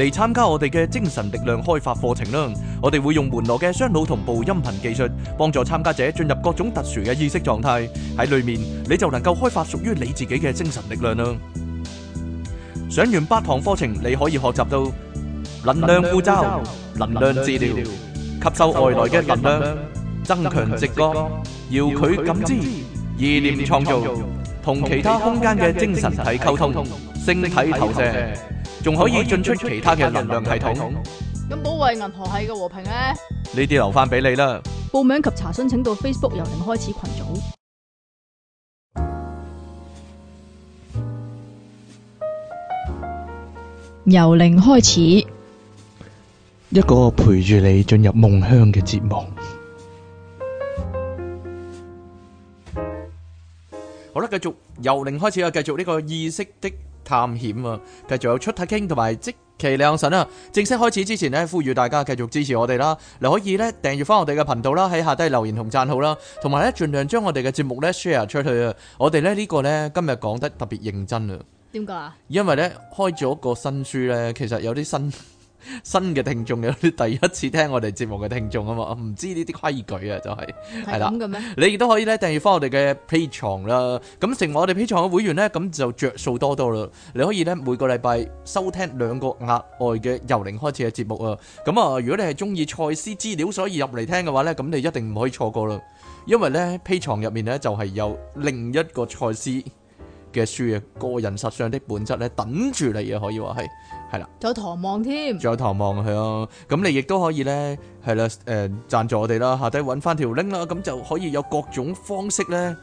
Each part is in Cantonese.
嚟參加我哋嘅精神力量開發課程啦！我哋會用門羅嘅雙腦同步音頻技術，幫助參加者進入各種特殊嘅意識狀態。喺裡面你就能夠開發屬於你自己嘅精神力量啦！上完八堂課程，你可以學習到能量護罩、能量治療、吸收外來嘅能量、增強直覺、遙距感知、意念創造、同其他空間嘅精神體溝通。晶體投射，仲可以進出其他嘅能量系統。咁保衛銀河系嘅和平咧？呢啲留翻俾你啦。報名及查詢，請到 Facebook 由零開始群組。由零開始，一個陪住你進入夢鄉嘅節目。好啦，繼續由零開始啊！繼續呢個意識的。探險啊！繼續有出特傾同埋即其兩神啊！正式開始之前呢，呼籲大家繼續支持我哋啦。你可以呢訂閱翻我哋嘅頻道啦，喺下低留言同讚好啦，同埋呢盡量將我哋嘅節目呢 share 出去啊！我哋呢呢個呢，今日講得特別認真啊！點解啊？因為呢，開咗一個新書呢，其實有啲新。 新嘅聽眾有啲第一次聽我哋節目嘅聽眾啊嘛，唔知呢啲規矩啊，就係係啦，咁你亦都可以咧，訂閱翻我哋嘅 Patreon 啦。咁成為我哋 Patreon 嘅會員呢，咁就着數多多啦。你可以呢每個禮拜收聽兩個額外嘅由零開始嘅節目啊。咁啊，如果你係中意賽斯資料，所以入嚟聽嘅話呢，咁你一定唔可以錯過啦。因為呢，Patreon 入面呢，就係有另一個賽斯。嘅書嘅個人實相的本質咧，等住你啊，可以話係係啦，仲有唐望添，仲有唐望係啊。咁你亦都可以咧，係啦，誒、呃，贊助我哋啦，下低揾翻條 link 啦，咁就可以有各種方式咧，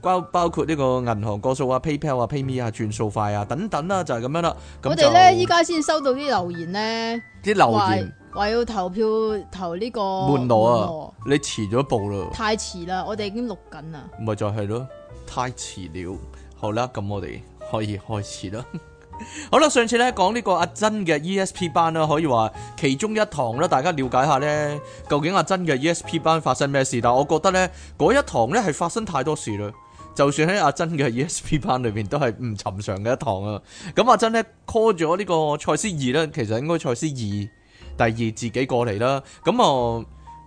包包括呢個銀行個數啊、PayPal 啊、PayMe 啊、轉數快啊等等啦、啊，就係、是、咁樣啦。咁我哋咧依家先收到啲留言咧，啲留言話要投票投呢、這個門羅啊，我我你遲咗一步啦，太遲啦，我哋已經錄緊啦，咪就係咯，太遲了。好啦，咁我哋可以開始啦。 好啦，上次咧講呢講個阿珍嘅 E S P 班啦，可以話其中一堂啦，大家了解下呢，究竟阿珍嘅 E S P 班發生咩事？但係我覺得呢嗰一堂呢係發生太多事啦。就算喺阿珍嘅 E S P 班裏面都係唔尋常嘅一堂啊。咁阿珍呢 call 咗呢個賽斯二呢，其實應該賽斯二第二自己過嚟啦。咁啊。呃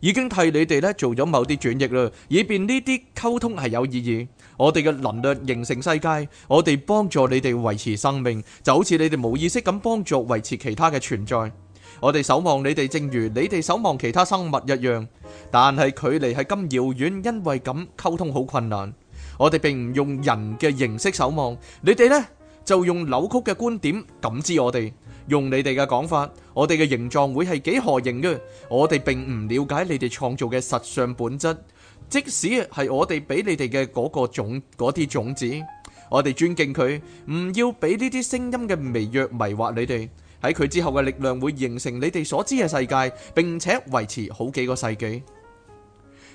已經替你哋咧做咗某啲轉譯啦，以便呢啲溝通係有意義。我哋嘅能量形成世界，我哋幫助你哋維持生命，就好似你哋冇意識咁幫助維持其他嘅存在。我哋守望你哋，正如你哋守望其他生物一樣，但係距離係咁遙遠，因為咁溝通好困難。我哋並唔用人嘅形式守望你哋呢，就用扭曲嘅觀點感知我哋。用你哋嘅講法，我哋嘅形狀會係幾何形嘅。我哋並唔了解你哋創造嘅實相本質。即使係我哋俾你哋嘅嗰個種，嗰啲種子，我哋尊敬佢，唔要俾呢啲聲音嘅微弱迷惑你哋。喺佢之後嘅力量會形成你哋所知嘅世界，並且維持好幾個世紀。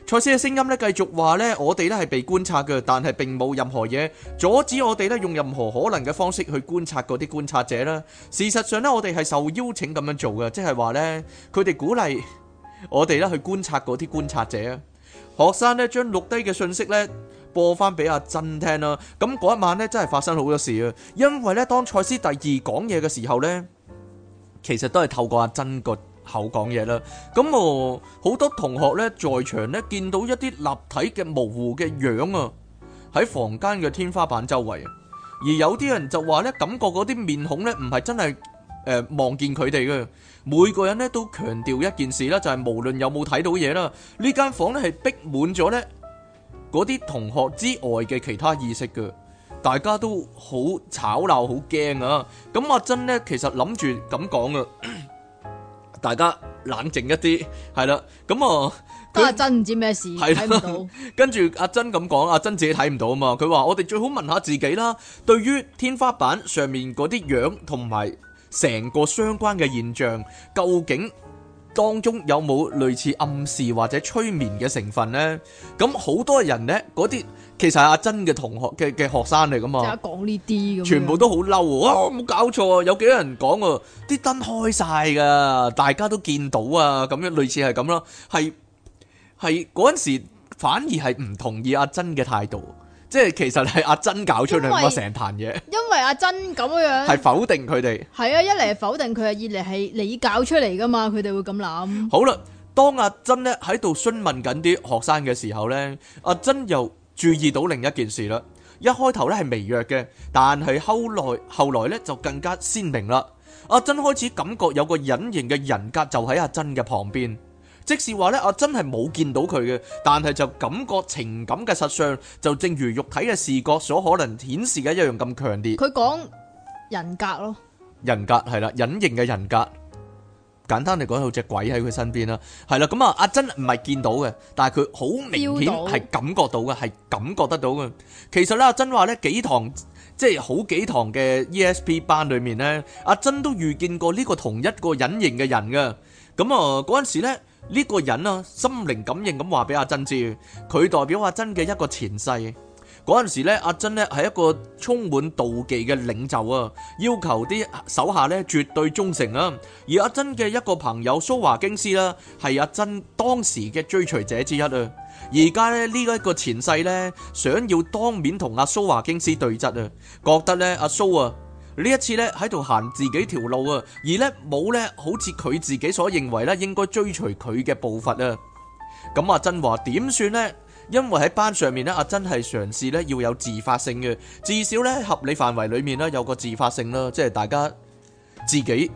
賽斯嘅聲音咧，繼續話咧，我哋咧係被觀察嘅，但係並冇任何嘢，阻止我哋咧用任何可能嘅方式去觀察嗰啲觀察者啦。事實上呢，我哋係受邀請咁樣做嘅，即係話呢，佢哋鼓勵我哋咧去觀察嗰啲觀察者。學生咧將錄低嘅信息，呢播翻俾阿珍聽啦。咁嗰一晚呢，真係發生好多事啊！因為呢，當賽斯第二講嘢嘅時候呢，其實都係透過阿珍個。口講嘢啦，咁我好多同學咧在場咧見到一啲立體嘅模糊嘅樣啊，喺房間嘅天花板周圍，而有啲人就話咧感覺嗰啲面孔咧唔係真係誒望見佢哋嘅，每個人咧都強調一件事啦，就係無論有冇睇到嘢啦，呢間房咧係逼滿咗咧嗰啲同學之外嘅其他意識㗎，大家都好吵鬧，好驚啊！咁阿珍咧其實諗住咁講啊。大家冷靜一啲，係啦，咁啊，都係真唔知咩事睇唔到。跟住阿珍咁講的， 阿珍自己睇唔到啊嘛，佢話我哋最好問下自己啦。對於天花板上面嗰啲樣同埋成個相關嘅現象，究竟，當中有冇類似暗示或者催眠嘅成分呢？咁好多人呢，嗰啲其實阿珍嘅同學嘅嘅學生嚟噶嘛？這這全部都好嬲喎！冇、啊、搞錯啊！有幾多人講啊？啲燈開晒噶，大家都見到啊！咁樣類似係咁囉，係係嗰陣時反而係唔同意阿珍嘅態度。即係其實係阿珍搞出嚟，乜成壇嘢。因為阿珍咁樣係否定佢哋。係啊，一嚟係否定佢啊，二嚟係你搞出嚟噶嘛，佢哋會咁諗。好啦，當阿珍咧喺度詢問緊啲學生嘅時候咧，阿珍又注意到另一件事啦。一開頭咧係微弱嘅，但係後來後來咧就更加鮮明啦。阿珍開始感覺有個隱形嘅人格就喺阿珍嘅旁邊。即是話咧，阿珍係冇見到佢嘅，但係就感覺情感嘅實相，就正如肉體嘅視覺所可能顯示嘅一樣咁強烈。佢講人格咯，人格係啦，隱形嘅人格。簡單嚟講，有隻鬼喺佢身邊啦。係啦，咁啊，阿珍唔係見到嘅，但係佢好明顯係感覺到嘅，係感覺得到嘅。其實咧，阿珍話咧，幾堂即係好幾堂嘅 ESP 班裏面咧，阿珍都遇見過呢個同一個隱形嘅人嘅。咁啊，嗰陣時咧。呢個人啊，心靈感應咁話俾阿珍知，佢代表阿珍嘅一個前世。嗰陣時呢，阿珍呢係一個充滿妒忌嘅領袖啊，要求啲手下呢絕對忠誠啊。而阿珍嘅一個朋友蘇華京斯呢，係阿珍當時嘅追隨者之一啊。而家呢，呢、呢、一個前世呢，想要當面同阿蘇華京斯對質啊，覺得呢阿蘇啊。呢一次咧喺度行自己條路啊，而呢冇呢，好似佢自己所認為呢應該追隨佢嘅步伐啊。咁阿珍話點算呢？因為喺班上面呢，阿珍係嘗試呢要有自發性嘅，至少咧合理範圍裏面呢，有個自發性啦，即係大家自己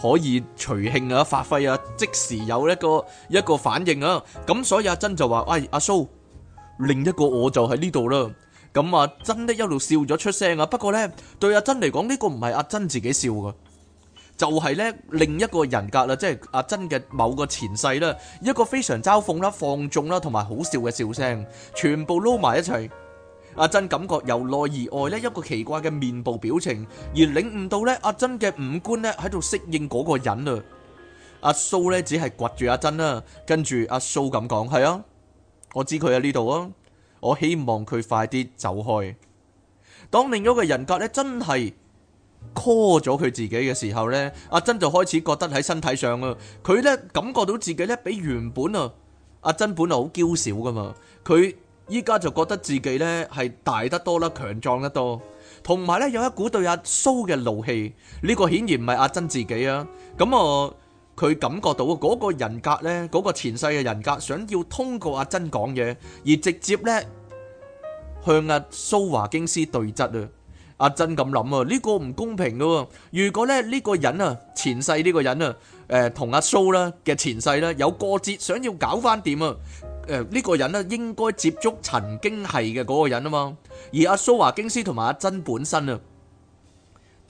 可以隨興啊發揮啊，即時有一個一個反應啊。咁所以阿珍就話：喂、哎，阿蘇，另一個我就喺呢度啦。咁，阿珍呢、嗯、一路笑咗出聲啊！不過呢，對阿珍嚟講，呢、這個唔係阿珍自己笑噶，就係、是、呢另一個人格啦，即係阿珍嘅某個前世啦，一個非常嘲諷啦、放縱啦同埋好笑嘅笑聲，全部撈埋一齊。阿珍感覺由內而外呢一個奇怪嘅面部表情，而領悟到呢阿珍嘅五官呢喺度適應嗰個人啊。阿蘇呢只係掘住阿珍啊，跟住阿蘇咁講：係啊，我知佢喺呢度啊。我希望佢快啲走開。當另一嗰個人格咧，真係 call 咗佢自己嘅時候呢，阿珍就開始覺得喺身體上啊，佢咧，感覺到自己咧，比原本啊阿珍本來好嬌小噶嘛，佢依家就覺得自己咧，係大得多啦，強壯得多，同埋咧，有一股對阿蘇嘅怒氣，呢個顯然唔係阿珍自己啊，咁啊。佢感覺到嗰個人格咧，嗰個前世嘅人格想要通過阿珍講嘢，而直接咧向阿蘇華京斯對質啊！阿珍咁諗啊，呢個唔公平噶喎！如果咧呢個人啊前世呢個人啊，誒同阿蘇啦嘅前世啦有過節，想要搞返掂啊？誒呢個人咧應該接觸曾經係嘅嗰個人啊嘛，而阿蘇華京斯同埋阿珍本身啊。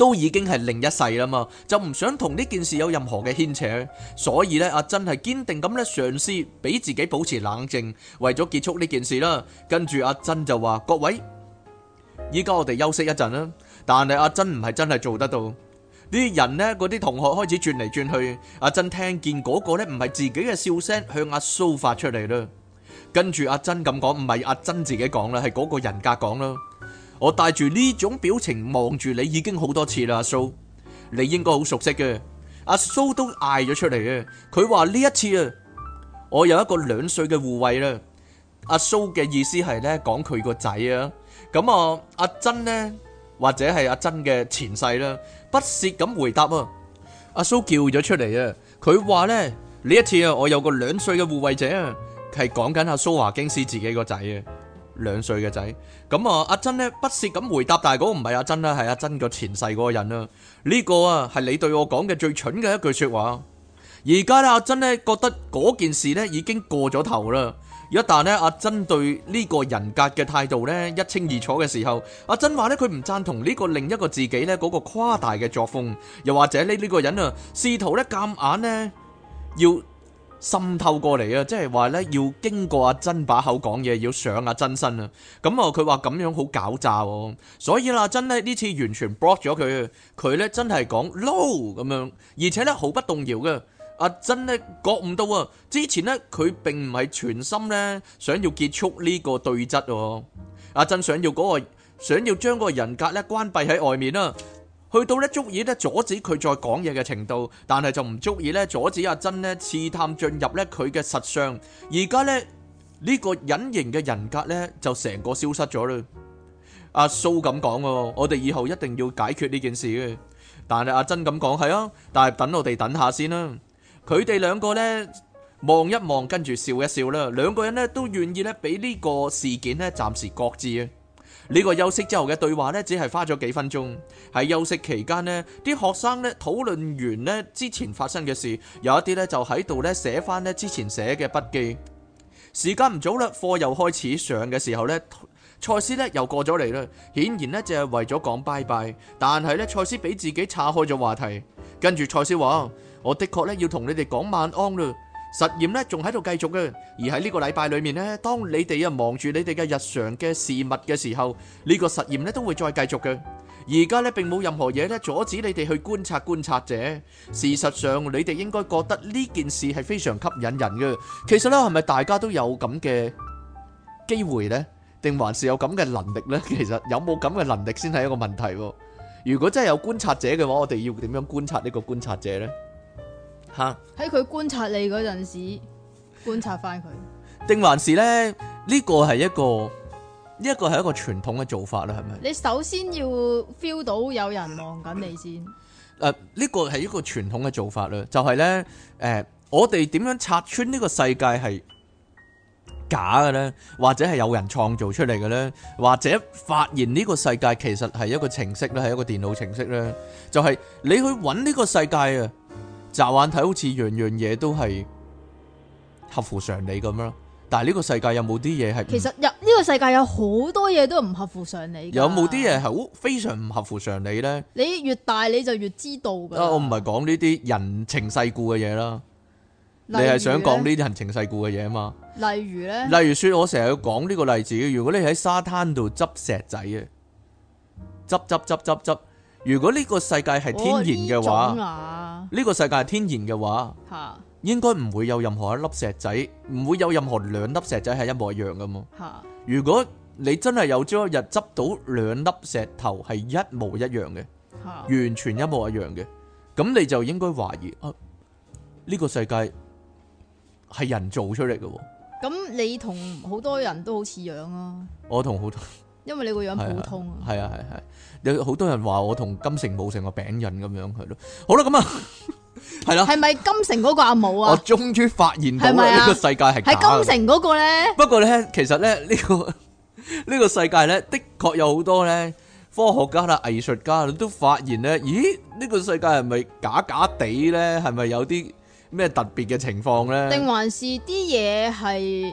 都已經係另一世啦嘛，就唔想同呢件事有任何嘅牽扯，所以呢，阿珍係堅定咁咧嘗試俾自己保持冷靜，為咗結束呢件事啦。跟住阿珍就話：各位，依家我哋休息一陣啦。但係、啊、阿珍唔係真係做得到。呢啲人呢，嗰啲同學開始轉嚟轉去。阿、啊、珍聽見嗰個呢，唔係自己嘅笑聲，向阿蘇發出嚟啦。跟住阿珍咁講，唔係阿珍自己講啦，係嗰個人格講啦。我帶住呢種表情望住你已經好多次啦，阿蘇，你應該好熟悉嘅。阿蘇都嗌咗出嚟啊，佢話呢一次啊，我有一個兩歲嘅護衛啦。阿蘇嘅意思係咧講佢個仔啊，咁啊阿珍呢，或者係阿珍嘅前世啦，不屑咁回答啊。阿蘇叫咗出嚟啊，佢話咧呢一次啊，我有個兩歲嘅護衛者啊，係講緊阿蘇華京斯自己個仔啊。兩歲嘅仔，咁啊阿珍呢不屑咁回答，但係嗰個唔係阿珍啦，係阿珍個前世嗰個人啦。呢個啊係你對我講嘅最蠢嘅一句說話。而家阿珍呢覺得嗰件事呢已經過咗頭啦。一旦呢阿珍對呢個人格嘅態度呢一清二楚嘅時候，阿珍話呢佢唔贊同呢個另一個自己呢嗰個誇大嘅作風，又或者呢呢個人啊試圖呢夾硬呢要。滲透過嚟啊！即係話呢，要經過阿珍把口講嘢，要上阿珍身啊！咁啊，佢話咁樣好狡詐喎，所以啦，阿珍呢次完全 block 咗佢，佢呢真係講 no 咁樣，而且呢毫不動搖嘅。阿珍呢，覺悟到啊，之前呢，佢並唔係全心呢想要結束呢個對質，阿珍想要嗰、嗰個想要將個人格咧關閉喺外面啊！去到咧足以咧阻止佢再講嘢嘅程度，但係就唔足以咧阻止阿珍咧刺探進入咧佢嘅實相。而家咧呢個隱形嘅人格咧就成個消失咗啦。阿蘇咁講，我哋以後一定要解決呢件事嘅。但係阿珍咁講，係啊，但係等我哋等下先啦。佢哋兩個咧望一望，跟住笑一笑啦。兩個人咧都願意咧俾呢個事件咧暫時擱置啊。呢個休息之後嘅對話咧，只係花咗幾分鐘。喺休息期間呢，啲學生咧討論完咧之前發生嘅事，有一啲呢就喺度呢寫翻咧之前寫嘅筆記。時間唔早啦，課又開始上嘅時候呢，賽斯呢又過咗嚟啦。顯然呢，就係爲咗講拜拜，但係呢，賽斯俾自己岔開咗話題，跟住賽斯話：我的確咧要同你哋講晚安嘞。」實驗呢仲喺度繼續嘅，而喺呢個禮拜裏面呢，當你哋啊望住你哋嘅日常嘅事物嘅時候，呢個實驗呢都會再繼續嘅。而家呢並冇任何嘢呢阻止你哋去觀察觀察者。事實上，你哋應該覺得呢件事係非常吸引人嘅。其實呢，係咪大家都有咁嘅機會呢，定還是有咁嘅能力呢？其實有冇咁嘅能力先係一個問題。如果真係有觀察者嘅話，我哋要點樣觀察呢個觀察者呢？吓，喺佢觀察你嗰陣時，觀察翻佢，定還是咧？呢個係一個呢一個係一個傳統嘅做法啦，係咪？你首先要 feel 到有人望緊你先。誒，呢個係一個傳統嘅做法啦，就係咧，誒、呃，我哋點樣拆穿呢個世界係假嘅咧？或者係有人創造出嚟嘅咧？或者發現呢個世界其實係一個程式咧，係一個電腦程式咧？就係你去揾呢個世界啊！乍眼睇好似樣樣嘢都係合乎常理咁樣，但係呢個世界有冇啲嘢係？其實入呢個世界有好多嘢都唔合乎常理。有冇啲嘢係好非常唔合乎常理咧？你越大你就越知道噶。我唔係講呢啲人情世故嘅嘢啦，你係想講呢啲人情世故嘅嘢啊嘛？例如咧，例如說，我成日講呢個例子，如果你喺沙灘度執石仔啊，執執執執執。如果呢個世界係天然嘅話，呢、啊、個世界係天然嘅話，的應該唔會有任何一粒石仔，唔會有任何兩粒石仔係一模一樣噶嘛。的如果你真係有朝一日執到兩粒石頭係一模一樣嘅，的完全一模一樣嘅，咁你就應該懷疑啊呢、這個世界係人造出嚟噶。咁你同好多人都好似樣啊。 我同好多。因為你個樣普通啊，係啊係係，有好多人話我同金城武成個餅印咁樣，去咯，好啦咁啊，係啦，係咪金城嗰個阿武啊？我終於發現係咪啊，呢個世界係喺金城嗰個咧。不過咧，其實咧呢個呢個世界咧的確有好多咧，科學家啦、藝術家都發現咧，咦呢個世界係咪假假地咧？係咪有啲咩特別嘅情況咧？定還是啲嘢係？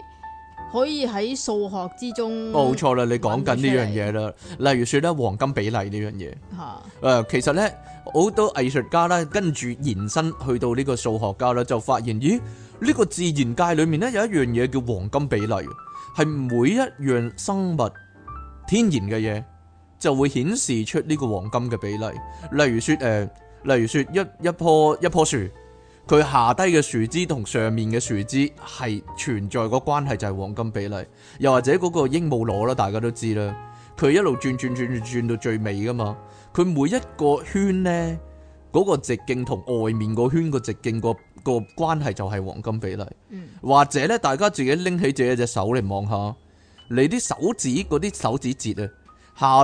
可以喺數學之中，哦，冇錯啦！你講緊呢樣嘢啦，來例如説咧黃金比例呢樣嘢，誒、啊呃、其實呢，好多藝術家咧跟住延伸去到呢個數學家咧，就發現咦呢、呢個自然界裏面咧有一樣嘢叫黃金比例，係每一樣生物天然嘅嘢就會顯示出呢個黃金嘅比例，例如説誒、呃，例如説一一棵一棵樹。佢下低嘅樹枝同上面嘅樹枝係存在個關係就係黃金比例，又或者嗰個鸚鵡螺啦，大家都知啦，佢一路轉轉轉轉到最尾㗎嘛，佢每一個圈呢，嗰、那個直徑同外面個圈個直徑個、那個關係就係黃金比例，嗯、或者呢大家自己拎起自己隻手嚟望下，你啲手指嗰啲手指節啊，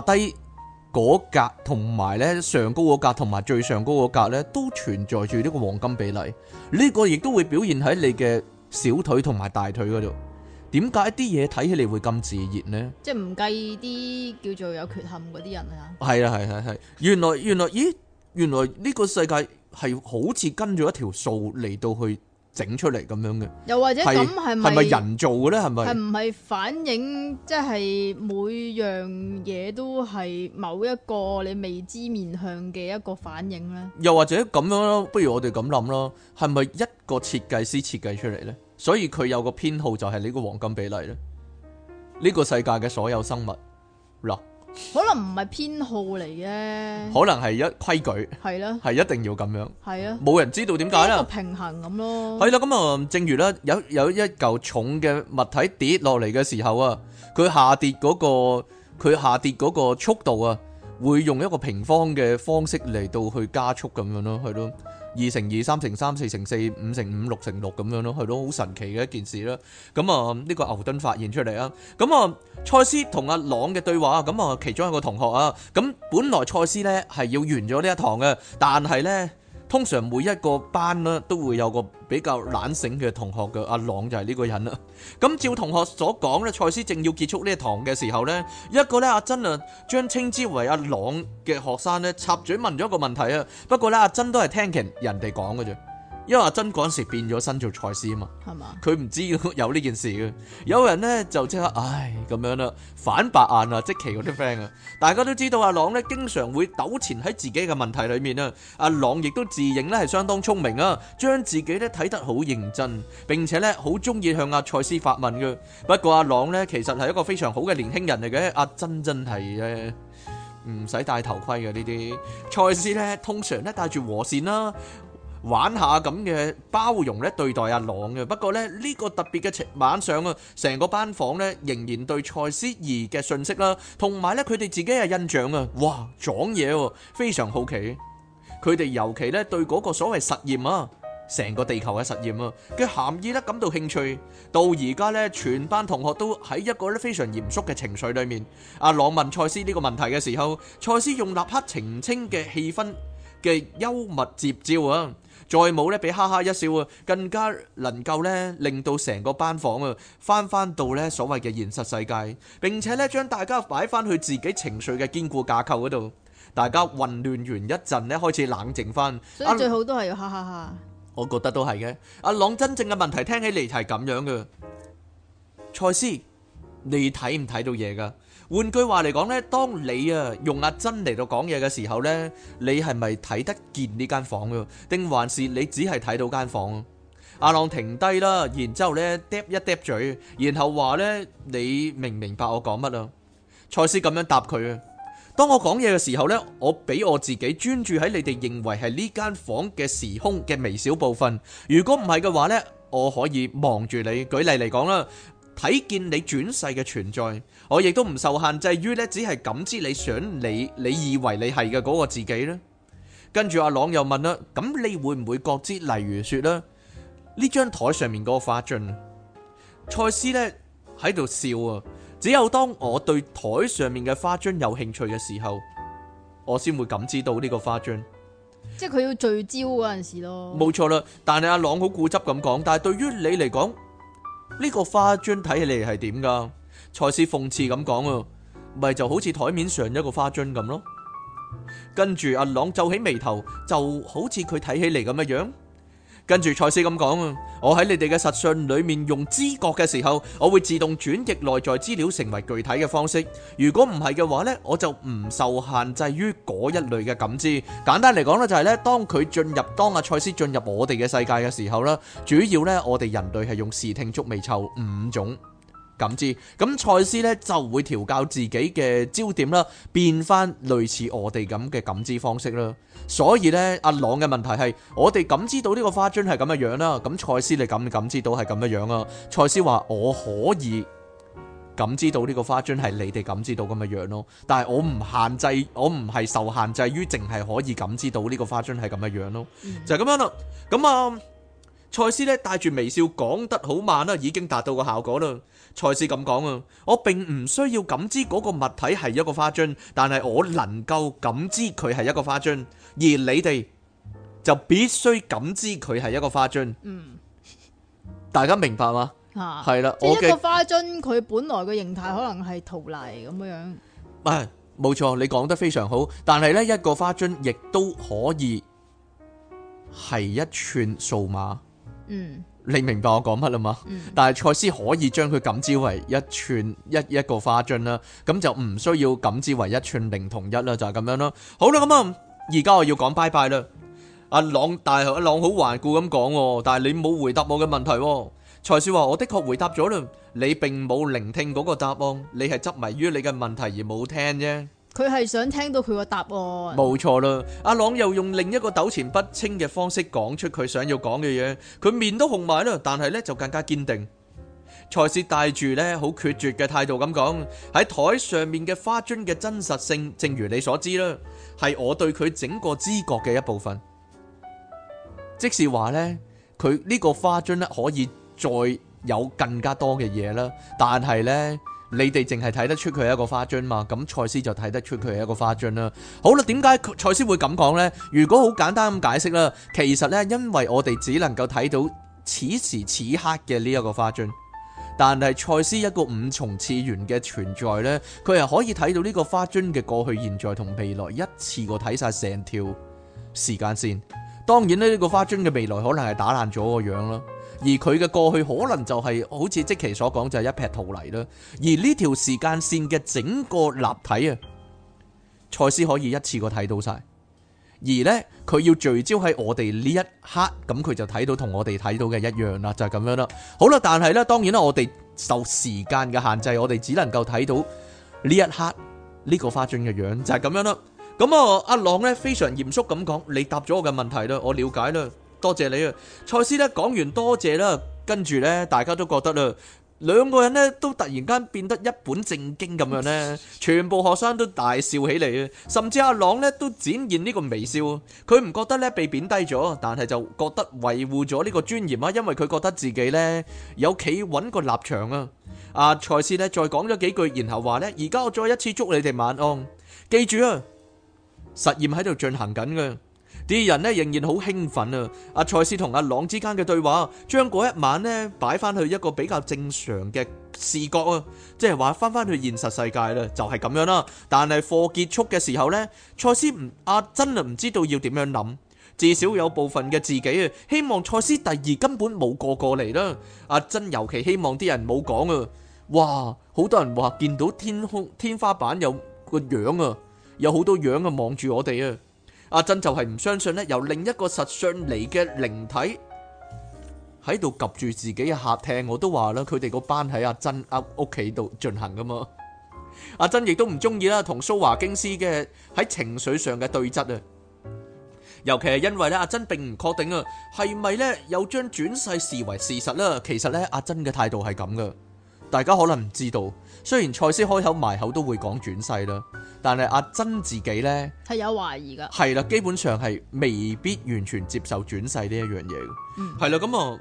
下低。嗰格同埋呢上高嗰格同埋最上高嗰格呢都存在住呢個黃金比例。呢個亦都會表現喺你嘅小腿同埋大腿嗰度。點解啲嘢睇起嚟會咁自然呢？即係唔計啲叫做有缺陷嗰啲人啊。係啊係係係原來原來咦原來呢個世界係好似跟住一條數嚟到去。整出嚟咁樣嘅，又或者咁係咪咪人做嘅咧？係咪係唔係反映即係、就是、每樣嘢都係某一個你未知面向嘅一個反應咧？又或者咁樣咯？不如我哋咁諗咯，係咪一個設計師設計出嚟咧？所以佢有個偏好就係呢個黃金比例咧。呢、呢個世界嘅所有生物嗱。可能唔係偏好嚟嘅，可能係一規矩。係啦，係一定要咁樣，係啊，冇人知道點解啦，平衡咁咯，係啦，咁啊，正如啦，有有一嚿重嘅物體跌落嚟嘅時候啊，佢下跌嗰個佢下跌個速度啊，會用一個平方嘅方式嚟到去加速咁樣咯，係咯。二乘二、三乘三、四乘四、五乘五、六乘六咁樣咯，係咯，好神奇嘅一件事啦。咁、嗯、啊，呢、呢個牛頓發現出嚟啊。咁、嗯、啊，賽斯同阿朗嘅對話，咁、嗯、啊，其中一個同學啊，咁、嗯、本來賽斯呢係要完咗呢一堂嘅，但係呢。通常每一個班咧都會有個比較懶醒嘅同學嘅，阿朗就係呢個人啦。咁 照同學所講咧，賽斯正要結束呢一堂嘅時候咧，一個咧阿珍啊將稱之為阿朗嘅學生咧插嘴問咗一個問題啊。不過咧阿珍都係聽人哋講嘅啫。因為阿珍嗰時變咗身做賽斯啊嘛，佢唔吧知有呢件事嘅。有人呢就即刻唉咁樣啦，反白眼啊，即奇嗰啲 friend 啊。大家都知道阿朗呢經常會糾纏喺自己嘅問題裏面啊。阿朗亦都自認呢係相當聰明啊，將自己呢睇得好認真，並且呢好中意向阿賽斯發問嘅。不過阿朗呢其實係一個非常好嘅年輕人嚟嘅。阿珍真係咧唔使戴頭盔嘅呢啲賽斯呢，通常呢戴住和善啦、啊。玩下咁嘅包容咧，對待阿朗嘅。不過咧，呢個特別嘅晚上啊，成個班房咧仍然對賽斯二嘅信息啦，同埋咧佢哋自己嘅印象啊，哇撞嘢喎，非常好奇。佢哋尤其咧對嗰個所謂實驗啊，成個地球嘅實驗啊嘅含義咧感到興趣。到而家咧，全班同學都喺一個咧非常嚴肅嘅情緒裡面。阿朗問賽斯呢個問題嘅時候，賽斯用立刻澄清嘅氣氛嘅幽默接招啊。再冇呢，俾哈哈一笑啊，更加能夠呢，令到成個班房啊翻翻到呢，所謂嘅現實世界，並且呢，將大家擺翻去自己情緒嘅堅固架構嗰度，大家混亂完一陣呢，開始冷靜翻。所以最好都係要哈哈哈哈。我覺得都係嘅。阿朗真正嘅問題聽起嚟係咁樣嘅。賽斯，你睇唔睇到嘢㗎？換句話嚟講咧，當你啊用阿珍嚟到講嘢嘅時候咧，你係咪睇得見呢間房啊？定還是你只係睇到間房啊？阿浪停低啦，然之後咧，睇見你轉世嘅存在，我亦都唔受限制於呢。只係感知你想你你以為你係嘅嗰個自己呢。跟住阿朗又問啦，咁你會唔會覺知，例如說呢張台上面個花樽，賽斯呢喺度笑啊。只有當我對台上面嘅花樽有興趣嘅時候，我先會感知到呢個花樽。即係佢要聚焦嗰陣時咯。冇錯啦，但係阿朗好固執咁講，但係對於你嚟講。呢個花樽睇起嚟係點噶？賽斯諷刺咁講，咪就好似台面上一個花樽咁咯。跟住阿朗皺起眉頭，就好似佢睇起嚟咁嘅樣。跟住賽斯咁講，我喺你哋嘅實相裏面用知覺嘅時候，我會自動轉譯內在資料成為具體嘅方式。如果唔係嘅話咧，我就唔受限制於嗰一類嘅感知。簡單嚟講咧，就係咧，當佢進入當阿賽斯進入我哋嘅世界嘅時候啦，主要咧我哋人類係用視聽觸味嗅五種。感知咁，賽斯咧就會調教自己嘅焦點啦，變翻類似我哋咁嘅感知方式啦。所以呢，阿朗嘅問題係我哋感知到呢個花樽係咁嘅樣啦。咁賽斯你感感知到係咁嘅樣啊？賽斯話，我可以感知到呢個花樽係你哋感知到咁嘅樣咯。但係我唔限制，我唔係受限制於淨係可以感知到呢個花樽係咁嘅樣咯。嗯、就係咁樣啦。咁啊，賽斯咧帶住微笑講得好慢啦，已經達到個效果啦。賽斯咁講啊，我並唔需要感知嗰個物體係一個花樽，但係我能夠感知佢係一個花樽，而你哋就必須感知佢係一個花樽。嗯，大家明白嗎？啊，係啦了，即係一個花樽，佢記本來嘅形態可能係陶泥咁樣樣。係，冇錯，你講得非常好。但係呢一個花樽亦都可以係一串數碼。嗯。你明白我講乜啦嘛？嗯、但係賽斯可以將佢感知為一寸一一個花樽啦，咁就唔需要感知為一寸零同一啦，就係、是、咁樣咯。好啦，咁啊，而家我要講拜拜啦。阿朗，但係阿朗好頑固咁講，但係你冇回答我嘅問題。賽斯話：我的確回答咗啦，你並冇聆聽嗰個答案，你係執迷於你嘅問題而冇聽啫。佢係想聽到佢個答案，冇錯啦！阿朗又用另一個糾纏不清嘅方式講出佢想要講嘅嘢，佢面都紅埋啦，但係咧就更加堅定。賽斯帶住咧好決絕嘅態度咁講，喺台上面嘅花樽嘅真實性，正如你所知啦，係我對佢整個知覺嘅一部分。即是話呢，佢呢個花樽咧可以再有更加多嘅嘢啦，但係呢。你哋淨係睇得出佢係一個花樽嘛？咁賽斯就睇得出佢係一個花樽啦。好啦，點解賽斯會咁講呢？如果好簡單咁解釋啦，其實呢，因為我哋只能夠睇到此時此刻嘅呢一個花樽，但係賽斯一個五重次元嘅存在呢，佢係可以睇到呢個花樽嘅過去、現在同未來一次過睇晒成條時間線。當然咧，呢、呢個花樽嘅未來可能係打爛咗個樣啦。而佢嘅過去可能就係、是、好似即其所講就係、是、一劈土嚟啦，而呢條時間線嘅整個立體啊，賽斯可以一次過睇到晒。而呢，佢要聚焦喺我哋呢一刻，咁佢就睇到同我哋睇到嘅一樣啦，就係、是、咁樣啦。好啦，但係呢，當然啦，我哋受時間嘅限制，我哋只能夠睇到呢一刻呢、這個花樽嘅樣，就係、是、咁樣啦。咁、嗯、啊，阿朗呢，非常嚴肅咁講，你答咗我嘅問題啦，我了解啦。多謝你啊！賽斯呢講完多謝啦，跟住呢，大家都覺得啦，兩個人呢都突然間變得一本正經咁樣呢，全部學生都大笑起嚟啊！甚至阿朗呢都展現呢個微笑，佢唔覺得呢被貶低咗，但係就覺得維護咗呢個尊嚴啊！因為佢覺得自己呢有企穩個立場啊！阿賽斯呢再講咗幾句，然後話呢：「而家我再一次祝你哋晚安，記住啊，實驗喺度進行緊嘅。啲人呢仍然好興奮啊！阿賽斯同阿朗之間嘅對話，將嗰一晚呢擺翻去一個比較正常嘅視覺啊，即係話翻翻去現實世界啦，就係咁樣啦。但係課結束嘅時候呢，賽斯唔阿珍啊唔知道要點樣諗，至少有部分嘅自己啊希望賽斯第二根本冇過過嚟啦。阿珍尤其希望啲人冇講啊！哇，好多人話見到天空天花板有個樣啊，有好多樣啊望住我哋啊！阿珍就係唔相信咧，由另一個實相嚟嘅靈體喺度及住自己嘅客廳，我都話啦，佢哋個班喺阿珍屋企度進行噶嘛。阿珍亦都唔中意啦，同蘇華京斯嘅喺情緒上嘅對質啊，尤其係因為咧，阿珍並唔確定啊，係咪呢？有將轉世視為事實啦。其實呢，阿珍嘅態度係咁噶，大家可能唔知道。雖然賽斯開口埋口都會講轉世啦，但係阿珍自己呢？係有懷疑噶，係啦，基本上係未必完全接受轉世呢一樣嘢，係啦、嗯，咁啊，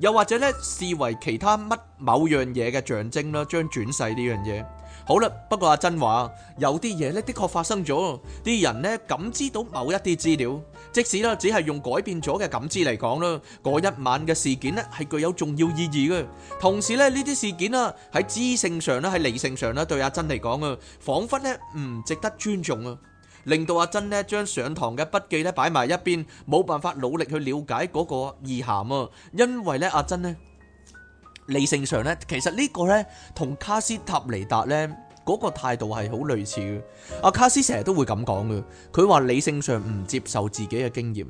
又或者呢，視為其他乜某樣嘢嘅象徵啦，將轉世呢樣嘢。好啦，不過阿珍話，有啲嘢咧，的確發生咗，啲人咧感知到某一啲資料，即使咧只係用改變咗嘅感知嚟講啦，嗰一晚嘅事件咧係具有重要意義嘅。同時咧，呢啲事件啦喺知性上啦，喺理性上啦，對阿珍嚟講啊，彷彿咧唔值得尊重啊，令到阿珍咧將上堂嘅筆記咧擺埋一邊，冇辦法努力去了解嗰個意涵啊，因為咧阿珍咧。理性上呢，其實呢個呢，同卡斯塔尼達呢嗰個態度係好類似嘅。阿卡斯成日都會咁講嘅，佢話理性上唔接受自己嘅經驗。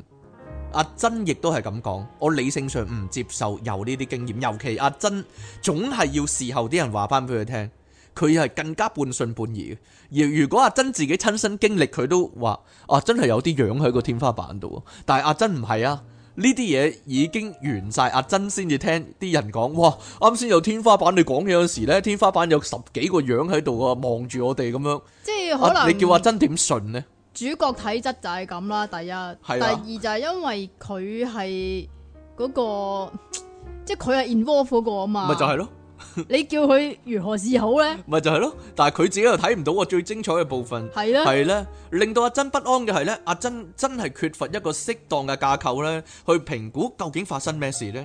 阿珍亦都係咁講，我理性上唔接受有呢啲經驗。尤其阿珍，總係要事後啲人話翻俾佢聽，佢係更加半信半疑嘅。而如果阿珍自己親身經歷，佢都話：啊，真係有啲樣喺個天花板度。但係阿珍唔係啊。呢啲嘢已經完晒。阿珍先至聽啲人講。哇！啱先有天花板，你講嘢嗰陣時咧，天花板有十幾個樣喺度啊，望住我哋咁樣。即係可能你叫阿珍點信呢？主角體質就係咁啦。第一，啊、第二就係因為佢係嗰個，即係佢係 involve 嗰個啊嘛。咪就係咯。 你叫佢如何是好呢？咪 就係咯，但係佢自己又睇唔到我最精彩嘅部分係咧呢，令到阿珍不安嘅係呢，阿珍真係缺乏一個適當嘅架構呢，去評估究竟發生咩事呢？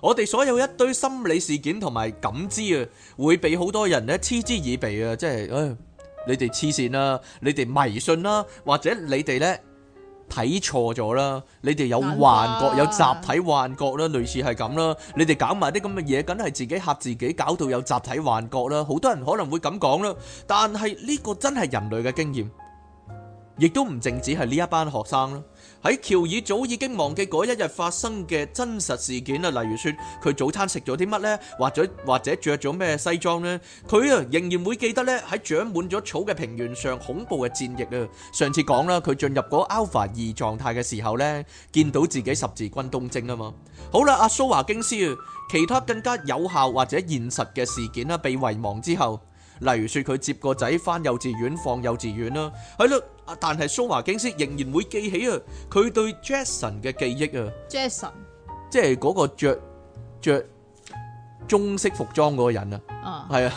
我哋所有一堆心理事件同埋感知啊，會被好多人呢嗤之以鼻、哎、啊，即係，唉，你哋痴線啦，你哋迷信啦、啊，或者你哋呢。睇錯咗啦！你哋有幻覺，有集體幻覺啦，類似係咁啦。你哋搞埋啲咁嘅嘢，梗係自己嚇自己，搞到有集體幻覺啦。好多人可能會咁講啦，但係呢個真係人類嘅經驗，亦都唔淨止係呢一班學生咯。喺喬爾早已經忘記嗰一日發生嘅真實事件啦，例如說佢早餐食咗啲乜呢，或者或者着咗咩西裝呢，佢啊，仍然會記得呢喺長滿咗草嘅平原上恐怖嘅戰役啊。上次講啦，佢進入嗰 Alpha 2例如說佢接個仔翻幼稚園放幼稚園啦，係咯。但係蘇華京斯仍然會記起啊，佢對 Jason 嘅記憶啊。Jason，即係嗰個着着中式服裝嗰個人，uh, 是啊，係 啊，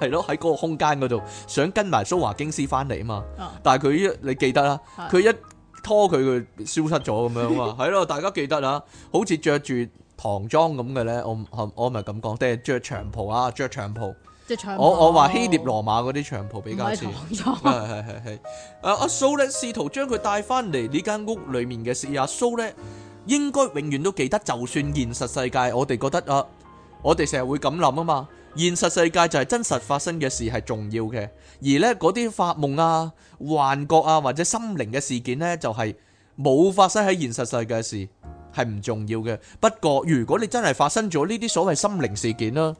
係咯，喺嗰個空間嗰度想跟埋蘇華京斯翻嚟啊嘛。Uh, 但係佢一你記得啦，佢、uh, 一拖佢佢消失咗咁樣啊。係咯、 啊，大家記得啊，好似着住唐裝咁嘅咧，我我我唔係咁講，定係着長袍啊，着長袍。我我話希臘羅馬嗰啲長袍比較似係係，係阿蘇咧，試、 啊啊、圖將佢帶翻嚟呢間屋裏面嘅事。阿蘇咧應該永遠都記得，就算現實世界，我哋覺得啊，我哋成日會咁諗啊嘛。現實世界就係真實發生嘅事係重要嘅，而咧嗰啲發夢啊、幻覺啊或者心靈嘅事件呢，就係、是、冇發生喺現實世界嘅事係唔重要嘅。不過如果你真係發生咗呢啲所謂心靈事件啦。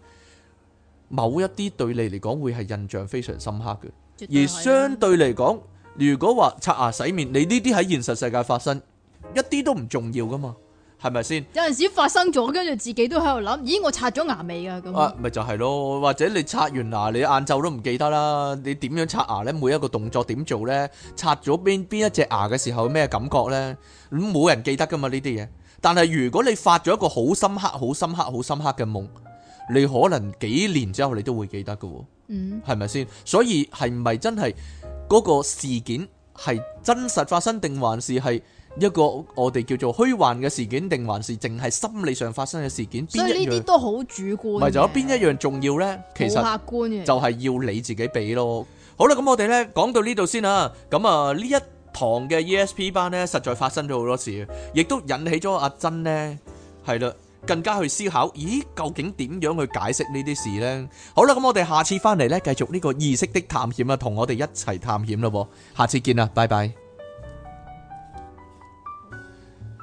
某一啲對你嚟講會係印象非常深刻嘅，而相對嚟講，如果話刷牙洗面，你呢啲喺現實世界發生一啲都唔重要噶嘛，係咪先？有陣時發生咗，跟住自己都喺度諗，咦，我刷咗牙未啊？咁咪就係咯，或者你刷完牙，你晏晝都唔記得啦。你點樣刷牙呢？每一個動作點做呢？刷咗邊邊一隻牙嘅時候咩感覺呢？咁冇人記得噶嘛呢啲嘢。但係如果你發咗一個好深刻、好深刻、好深刻嘅夢。你可能幾年之後你都會記得噶，係咪先？所以係唔係真係嗰個事件係真實發生，定還是係一個我哋叫做虛幻嘅事件，定還是淨係心理上發生嘅事件？所以呢啲都好主觀。咪就邊一樣重要呢？客觀其實就係要你自己畀咯。好啦，咁我哋呢講到呢度先啊。咁、嗯、啊，呢一堂嘅 ESP 班呢，實在發生咗好多事，亦都引起咗阿珍呢。係啦。更加去思考，咦，究竟點樣去解釋呢啲事呢？好啦，咁我哋下次翻嚟咧，繼續呢、呢個意識的探險啊，同我哋一齊探險啦，下次見啦，拜拜。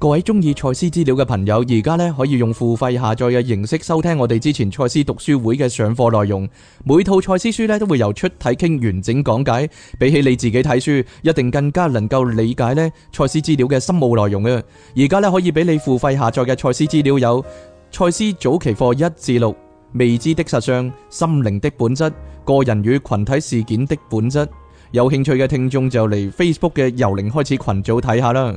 各位中意賽斯資料嘅朋友，而家咧可以用付費下載嘅形式收聽我哋之前賽斯讀書會嘅上課內容。每套賽斯書咧都會由出體傾完整講解，比起你自己睇書，一定更加能夠理解咧賽斯資料嘅深奧內容啊！而家咧可以俾你付費下載嘅賽斯資料有：賽斯早期課一至六，《未知的實相》、《心靈的本質》、《個人與群體事件的本質》。有興趣嘅聽眾就嚟 Facebook 嘅由零開始群組睇下啦。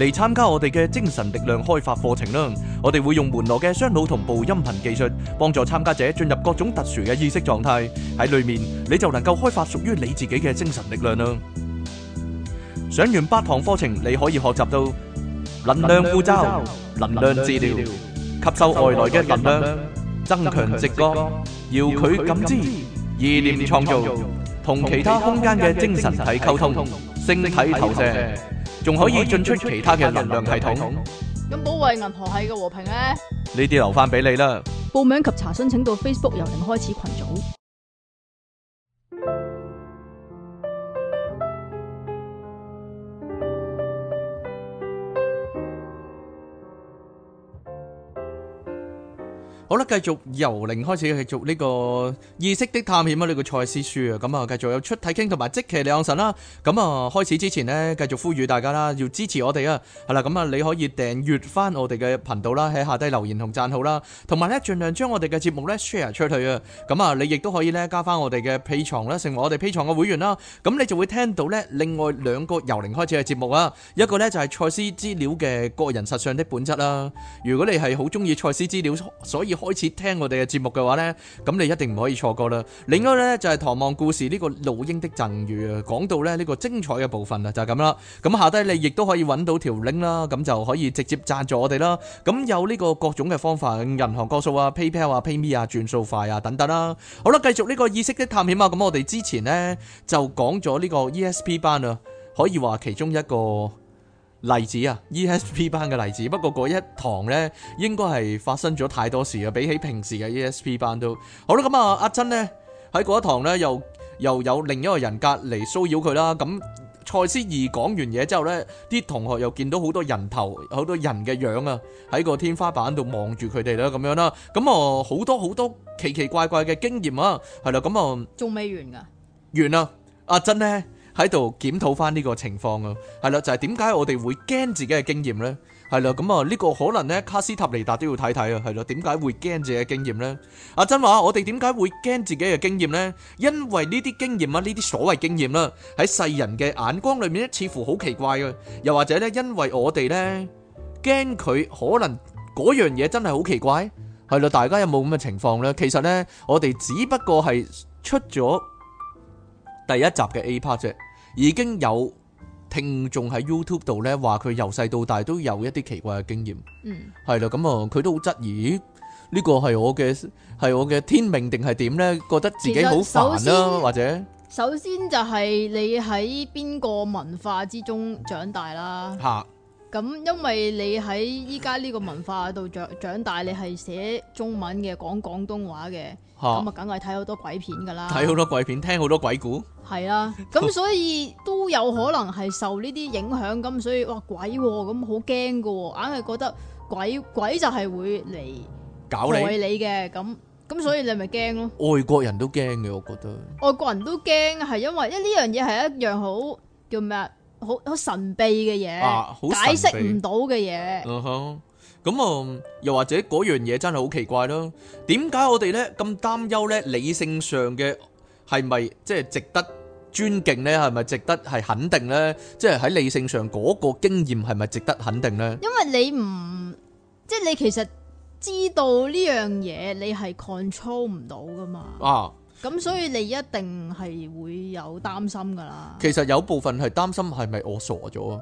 嚟參加我哋嘅精神力量開發課程啦！我哋會用門羅嘅雙腦同步音頻技術，幫助參加者進入各種特殊嘅意識狀態。喺裏面你就能夠開發屬於你自己嘅精神力量啦！上完八堂課程，你可以學習到能量聚焦、能量治療、吸收外來嘅能量、增強直覺、遙距感知、意念創造、同其他空間嘅精神體溝通、星體投射。仲可以進出其他嘅能量系統。咁保衛銀河系嘅和平咧？呢啲留翻俾你啦。報名及查詢請到 Facebook 由零開始群組。好啦，繼續由零開始繼續呢個意識的探險啊，呢、這個蔡思書啊，咁啊繼續有出體傾同埋即期李神啦。咁啊開始之前呢，繼續呼籲大家啦，要支持我哋啊。係啦，咁啊你可以訂閱翻我哋嘅頻道啦，喺下低留言同讚好啦。同埋呢，盡量將我哋嘅節目呢 share 出去啊。咁啊，你亦都可以呢，加翻我哋嘅 P 床啦，成為我哋 P 床嘅會員啦。咁你就會聽到呢另外兩個由零開始嘅節目啦。一個呢，就係蔡思資料嘅個人實相的本質啦。如果你係好中意蔡思資料，所以開始聽我哋嘅節目嘅話呢，咁你一定唔可以錯過啦。另外呢，就係《唐望故事》呢個老鷹的贈語啊，講到呢呢個精彩嘅部分啊就係咁啦。咁下低你亦都可以揾到條 link 啦，咁就可以直接贊助我哋啦。咁有呢個各種嘅方法，銀行個數啊、PayPal 啊、PayMe 啊、轉數快啊等等啦。好啦，繼續呢個意識的探險啊。咁我哋之前呢，就講咗呢個 ESP 班啊，可以話其中一個。例子啊，ESP 班嘅例子，不過嗰一堂呢，應該係發生咗太多事啊，比起平時嘅 ESP 班都好啦。咁啊，阿珍呢，喺嗰一堂呢，又又有另一個人格嚟騷擾佢啦。咁賽斯二講完嘢之後呢，啲同學又見到好多人頭，好多人嘅樣啊，喺個天花板度望住佢哋啦，咁樣啦。咁啊，好多好多奇奇怪怪嘅經驗啊，係啦，咁啊，仲未完噶？完啦，阿珍呢。喺度檢討翻呢個情況啊，係啦，就係點解我哋會驚自己嘅經驗呢？係啦，咁啊呢個可能呢，卡斯塔尼達都要睇睇啊，係咯，點解會驚自己嘅經驗呢？阿珍話：我哋點解會驚自己嘅經驗呢？因為呢啲經驗啊，呢啲所謂經驗啦，喺世人嘅眼光裏面咧，似乎好奇怪啊，又或者呢，因為我哋呢，驚佢可能嗰樣嘢真係好奇怪。係咯，大家有冇咁嘅情況呢？其實呢，我哋只不過係出咗。第一集嘅 A part 啫，已經有聽眾喺 YouTube 度呢，話佢由細到大都有一啲奇怪嘅經驗，嗯，係啦，咁啊佢都好質疑呢個係我嘅係我嘅天命定係點呢？覺得自己好煩啦，或者首先就係你喺邊個文化之中長大啦。咁，因為你喺依家呢個文化度長長大，你係寫中文嘅，講廣東話嘅，咁啊，梗係睇好多鬼片㗎啦。睇好多鬼片，聽好多鬼故。係啊，咁所以都有可能係受呢啲影響，咁所以哇鬼喎，咁好驚㗎喎，硬係覺得鬼鬼就係會嚟搞你嘅，咁咁所以你咪驚咯。外國人都驚嘅，我覺得。外國人都驚係因為，因呢樣嘢係一樣好，叫咩啊？好好神秘嘅嘢，啊、解釋唔到嘅嘢。嗯哼、uh，咁啊，又或者嗰樣嘢真係好奇怪咯。點解我哋呢咁擔憂呢？理性上嘅係咪即係值得尊敬呢？係咪值得係肯定呢？即係喺理性上嗰個經驗係咪值得肯定呢？就是、是是定呢因為你唔即係你其實知道呢樣嘢，你係 control 唔到噶嘛。啊！咁所以你一定係會有擔心噶啦。其實有部分係擔心係咪我傻咗啊？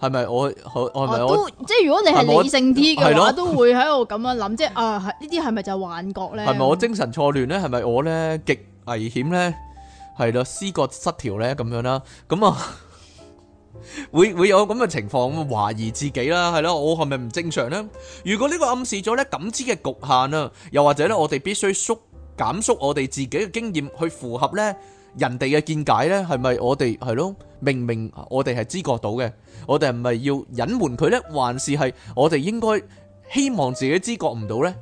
係咪我係咪我？即係如果你係理性啲嘅話，都會喺度咁樣諗，即係啊呢啲係咪就係幻覺咧？係咪我精神錯亂咧？係咪我咧極危險咧？係啦，思覺失調咧咁樣啦。咁啊，會會有咁嘅情況咁懷疑自己啦，係咯，我係咪唔正常咧？如果呢個暗示咗咧感知嘅局限啊，又或者咧我哋必須縮。減縮我哋自己嘅經驗去符合咧人哋嘅見解咧，係咪我哋係咯？明明我哋係知覺到嘅，我哋係咪要隱瞞佢咧？還是係我哋應該希望自己知覺唔到咧？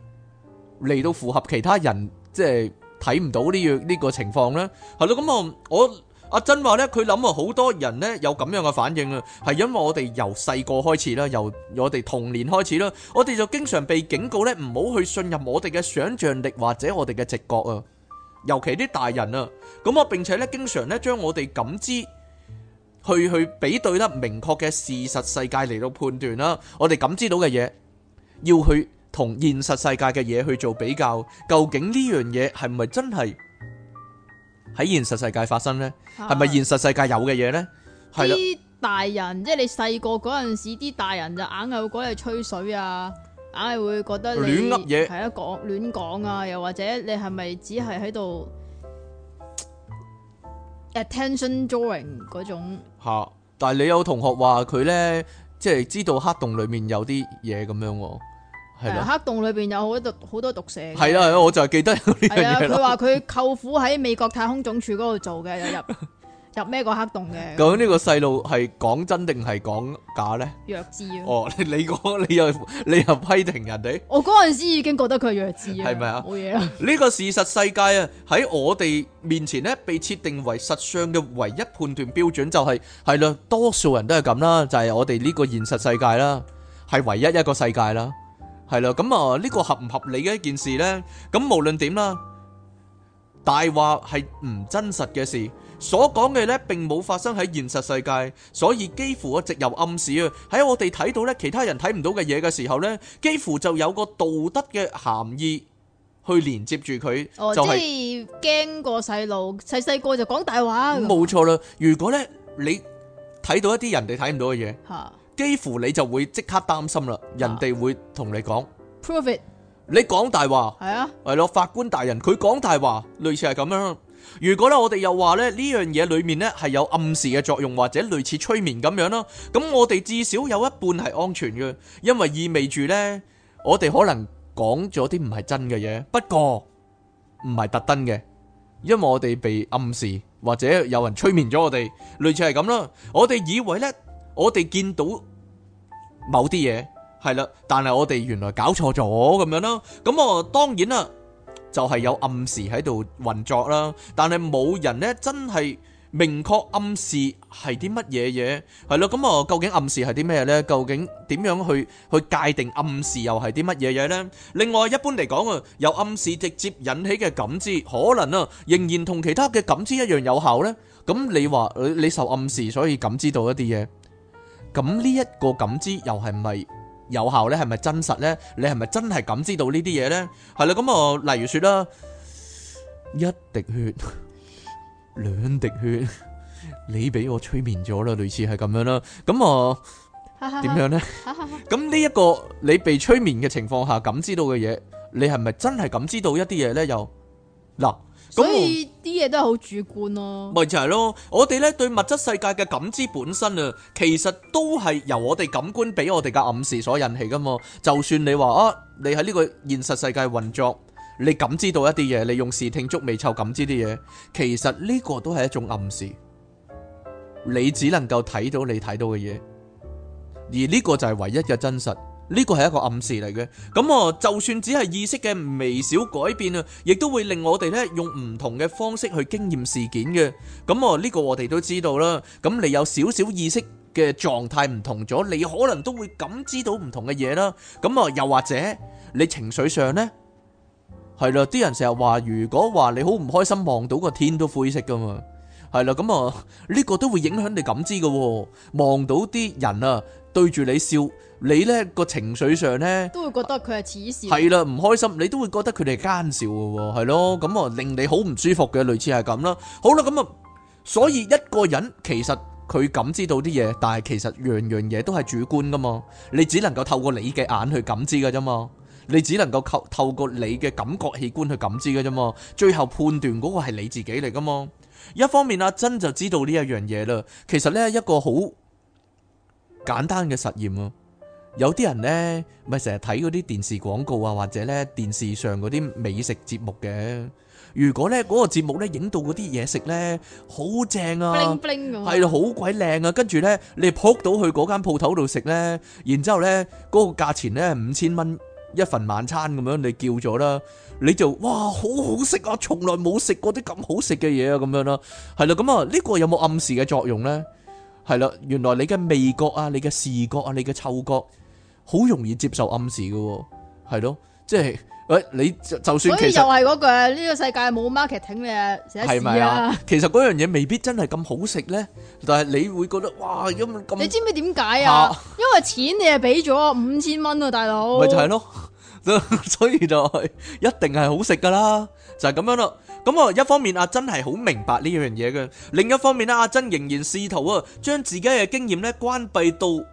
嚟到符合其他人即係睇唔到呢樣呢個情況咧？係咯，咁我我。阿珍話咧，佢諗啊，好多人咧有咁樣嘅反應啊，係因為我哋由細個開始啦，由我哋童年開始啦，我哋就經常被警告咧，唔好去信任我哋嘅想象力或者我哋嘅直覺啊，尤其啲大人啊，咁我，並且咧，經常咧將我哋感知去去比對得明確嘅事實世界嚟到判斷啦，我哋感知到嘅嘢，要去同現實世界嘅嘢去做比較，究竟呢樣嘢係咪真係？喺現實世界發生咧，係咪、啊、現實世界有嘅嘢咧？係啦、啊，啲的大人即係、就是、你細個嗰陣時，啲大人就硬係會講你吹水啊，硬係會覺得你亂嘢，係啊講亂講啊，又或者你係咪只係喺度 attention drawing 嗰種？吓、啊，但係你有同學話佢咧，即係知道黑洞裏面有啲嘢咁樣、啊。誒，黑洞裏邊有好多好多毒蛇嘅。係啊係，我就係記得。係啊，佢話佢舅父喺美國太空總署嗰度做嘅，入入咩個黑洞嘅。究竟呢個細路係講真定係講假咧？弱智啊！哦，你你講你又你又批評人哋？我嗰陣時已經覺得佢弱智啦。係咪啊？冇嘢啦。呢個事實世界啊，喺我哋面前咧，被設定為實相嘅唯一判斷標準就係係啦，多數人都係咁啦，就係我哋呢個現實世界啦，係唯一一個世界啦。係啦，咁啊呢個合唔合理嘅一件事咧？咁無論點啦，大話係唔真實嘅事，所講嘅咧，並冇發生喺現實世界，所以幾乎一直有暗示啊，喺我哋睇到咧，其他人睇唔到嘅嘢嘅時候咧，幾乎就有個道德嘅含義去連接住佢，就係驚個細路細細個就講大話。冇錯啦，如果咧你睇到一啲人哋睇唔到嘅嘢。幾乎你就會即刻擔心啦，人哋會同你講，Prove it，你講大話係啊，係咯、啊，法官大人佢講大話，類似係咁樣。如果咧我哋又話咧呢樣嘢裏面咧係有暗示嘅作用，或者類似催眠咁樣咯。咁我哋至少有一半係安全嘅，因為意味住呢，我哋可能講咗啲唔係真嘅嘢。不過唔係特登嘅，因為我哋被暗示或者有人催眠咗我哋，類似係咁咯。我哋以為呢，我哋見到。某啲嘢係啦，但係我哋原來搞錯咗咁樣啦。咁啊，當然啦，就係有暗示喺度運作啦。但係冇人咧，真係明確暗示係啲乜嘢嘢係啦。咁啊，究竟暗示係啲咩咧？究竟點樣去去界定暗示又係啲乜嘢嘢咧？另外，一般嚟講啊，由暗示直接引起嘅感知，可能啊仍然同其他嘅感知一樣有效咧。咁你話你你受暗示，所以感知到一啲嘢。咁呢一個感知又係咪有效咧？係咪真實咧？你係咪真係感知到呢啲嘢咧？係啦，咁啊，例如說啦，一滴血，兩滴血，你俾我催眠咗啦，類似係咁樣啦。咁啊，點樣咧？咁呢一個你被催眠嘅情況下感知到嘅嘢，你係咪真係感知到一啲嘢咧？又嗱。所以啲嘢 都係好主觀咯，咪就係咯，我哋咧對物質世界嘅感知本身啊，其實都係由我哋感官俾我哋嘅暗示所引起噶嘛就算你話啊，你喺呢個現實世界運作，你感知到一啲嘢，你用視聽觸味嗅感知啲嘢，其實呢個都係一種暗示。你只能夠睇到你睇到嘅嘢，而呢個就係唯一嘅真實。呢個係一個暗示嚟嘅，咁啊，就算只係意識嘅微小改變啊，亦都會令我哋呢用唔同嘅方式去經驗事件嘅。咁啊，呢個我哋都知道啦。咁你有少少意識嘅狀態唔同咗，你可能都會感知到唔同嘅嘢啦。咁啊，又或者你情緒上呢，係啦，啲人成日話，如果話你好唔開心，望到個天都灰色噶嘛，係啦。咁啊，呢個都會影響你感知噶。望到啲人啊，對住你笑。你呢個情緒上呢，都會覺得佢係恥笑，係啦，唔開心，你都會覺得佢哋奸笑嘅喎，係咯，咁啊令你好唔舒服嘅，類似係咁啦。好啦，咁啊，所以一個人其實佢感知到啲嘢，但係其實樣樣嘢都係主觀嘅嘛。你只能夠透過你嘅眼去感知嘅啫嘛，你只能夠透透過你嘅感覺器官去感知嘅啫嘛。最後判斷嗰個係你自己嚟嘅嘛。一方面阿珍就知道呢一樣嘢啦，其實呢一個好簡單嘅實驗啊。有啲人呢，咪成日睇嗰啲電視廣告啊，或者呢電視上嗰啲美食節目嘅。如果呢嗰個節目呢影到嗰啲嘢食呢，好正啊，係咯，好鬼靚啊。跟住呢，你撲到去嗰間鋪頭度食呢，然之後呢嗰個價錢呢五千蚊一份晚餐咁樣，你叫咗啦，你就哇好好食啊，從來冇食過啲咁好食嘅嘢啊，咁樣咯，係啦，咁啊呢個有冇暗示嘅作用呢？係啦，原來你嘅味覺啊，你嘅視覺啊，你嘅嗅覺。好容易接受暗示嘅，係咯，即係喂，你就算其實所以又係嗰句，呢、這個世界冇 marketing 嘅，係咪啊？ 其實嗰樣嘢未必真係咁好食咧，但係你會覺得哇，因咁，你知唔知點解啊？因為錢你係俾咗五千蚊啊，大佬，咪就係咯， 所以就是、一定係好食噶啦，就係、是、咁樣咯。咁啊，一方面阿珍係好明白呢樣嘢嘅，另一方面咧，阿珍仍然試圖啊將自己嘅經驗咧關閉到。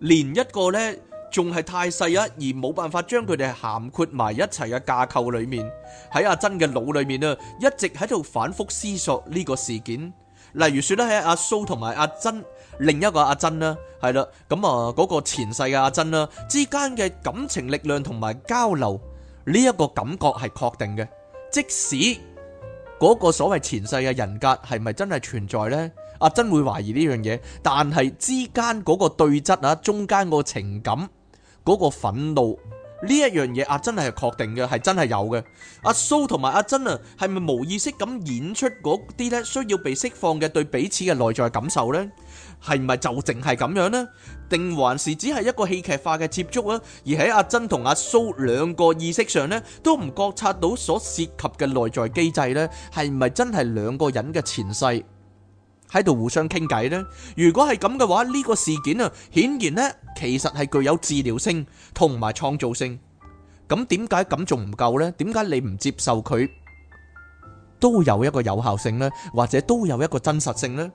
連一個咧仲係太細啊，而冇辦法將佢哋涵蓋埋一齊嘅架構裏面。喺阿珍嘅腦裏面啊，一直喺度反覆思索呢個事件。例如說咧，喺阿蘇同埋阿珍，另一個阿珍啦，係啦，咁啊，嗰個前世嘅阿珍啦，之間嘅感情力量同埋交流，呢一個感覺係確定嘅。即使嗰個所謂前世嘅人格係咪真係存在呢？阿珍會懷疑呢樣嘢，但係之間嗰個對質啊，中間個情感、嗰個憤怒呢一樣嘢，阿珍係確定嘅，係真係有嘅。阿蘇同埋阿珍啊，係咪無意識咁演出嗰啲呢，需要被釋放嘅對彼此嘅內在感受呢？係咪就淨係咁樣呢？定還是只係一個戲劇化嘅接觸呢？而喺阿珍同阿蘇兩個意識上呢，都唔覺察到所涉及嘅內在機制呢，係咪真係兩個人嘅前世？喺度互相傾偈咧。如果係咁嘅話，呢個事件啊，顯然咧其實係具有治療性同埋創造性。咁點解咁仲唔夠咧？點解你唔接受佢？都會有一個有效性咧，或者都會有一個真實性咧。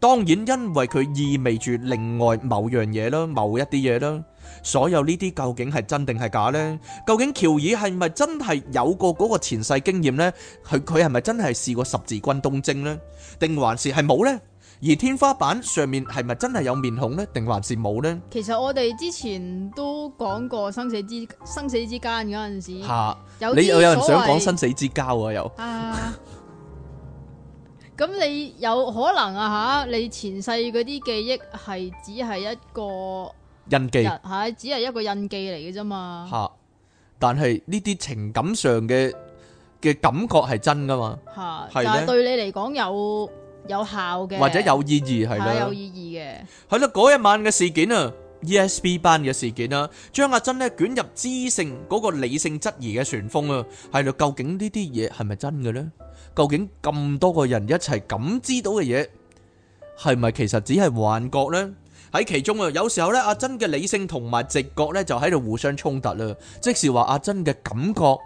當然，因為佢意味住另外某樣嘢囉，某一啲嘢囉。所有呢啲究竟係真定係假咧？究竟喬爾係咪真係有過嗰個前世經驗咧？佢佢係咪真係試過十字軍東征咧？定還是係冇呢？而天花板上面係咪真係有面孔呢？定還是冇呢？其實我哋之前都講過生死之生死之間嗰陣時，吓有你又有人想講生死之交啊又啊，咁你有可能啊吓？你前世嗰啲記憶係只係一個印記吓，只係一個印記嚟嘅啫嘛吓。但係呢啲情感上嘅。嘅感覺係真噶嘛？係，但係對你嚟講有有效嘅，或者有意義係啦，有意義嘅。係啦，嗰一晚嘅事件啊，ESB 班嘅事件啊，將阿珍咧捲入知性嗰個理性質疑嘅旋風啊，係啦，究竟呢啲嘢係咪真嘅咧？究竟咁多個人一齊感知到嘅嘢，係咪其實只係幻覺咧？喺其中啊，有時候咧，阿珍嘅理性同埋直覺咧，就喺度互相衝突啦。即是話阿珍嘅感覺。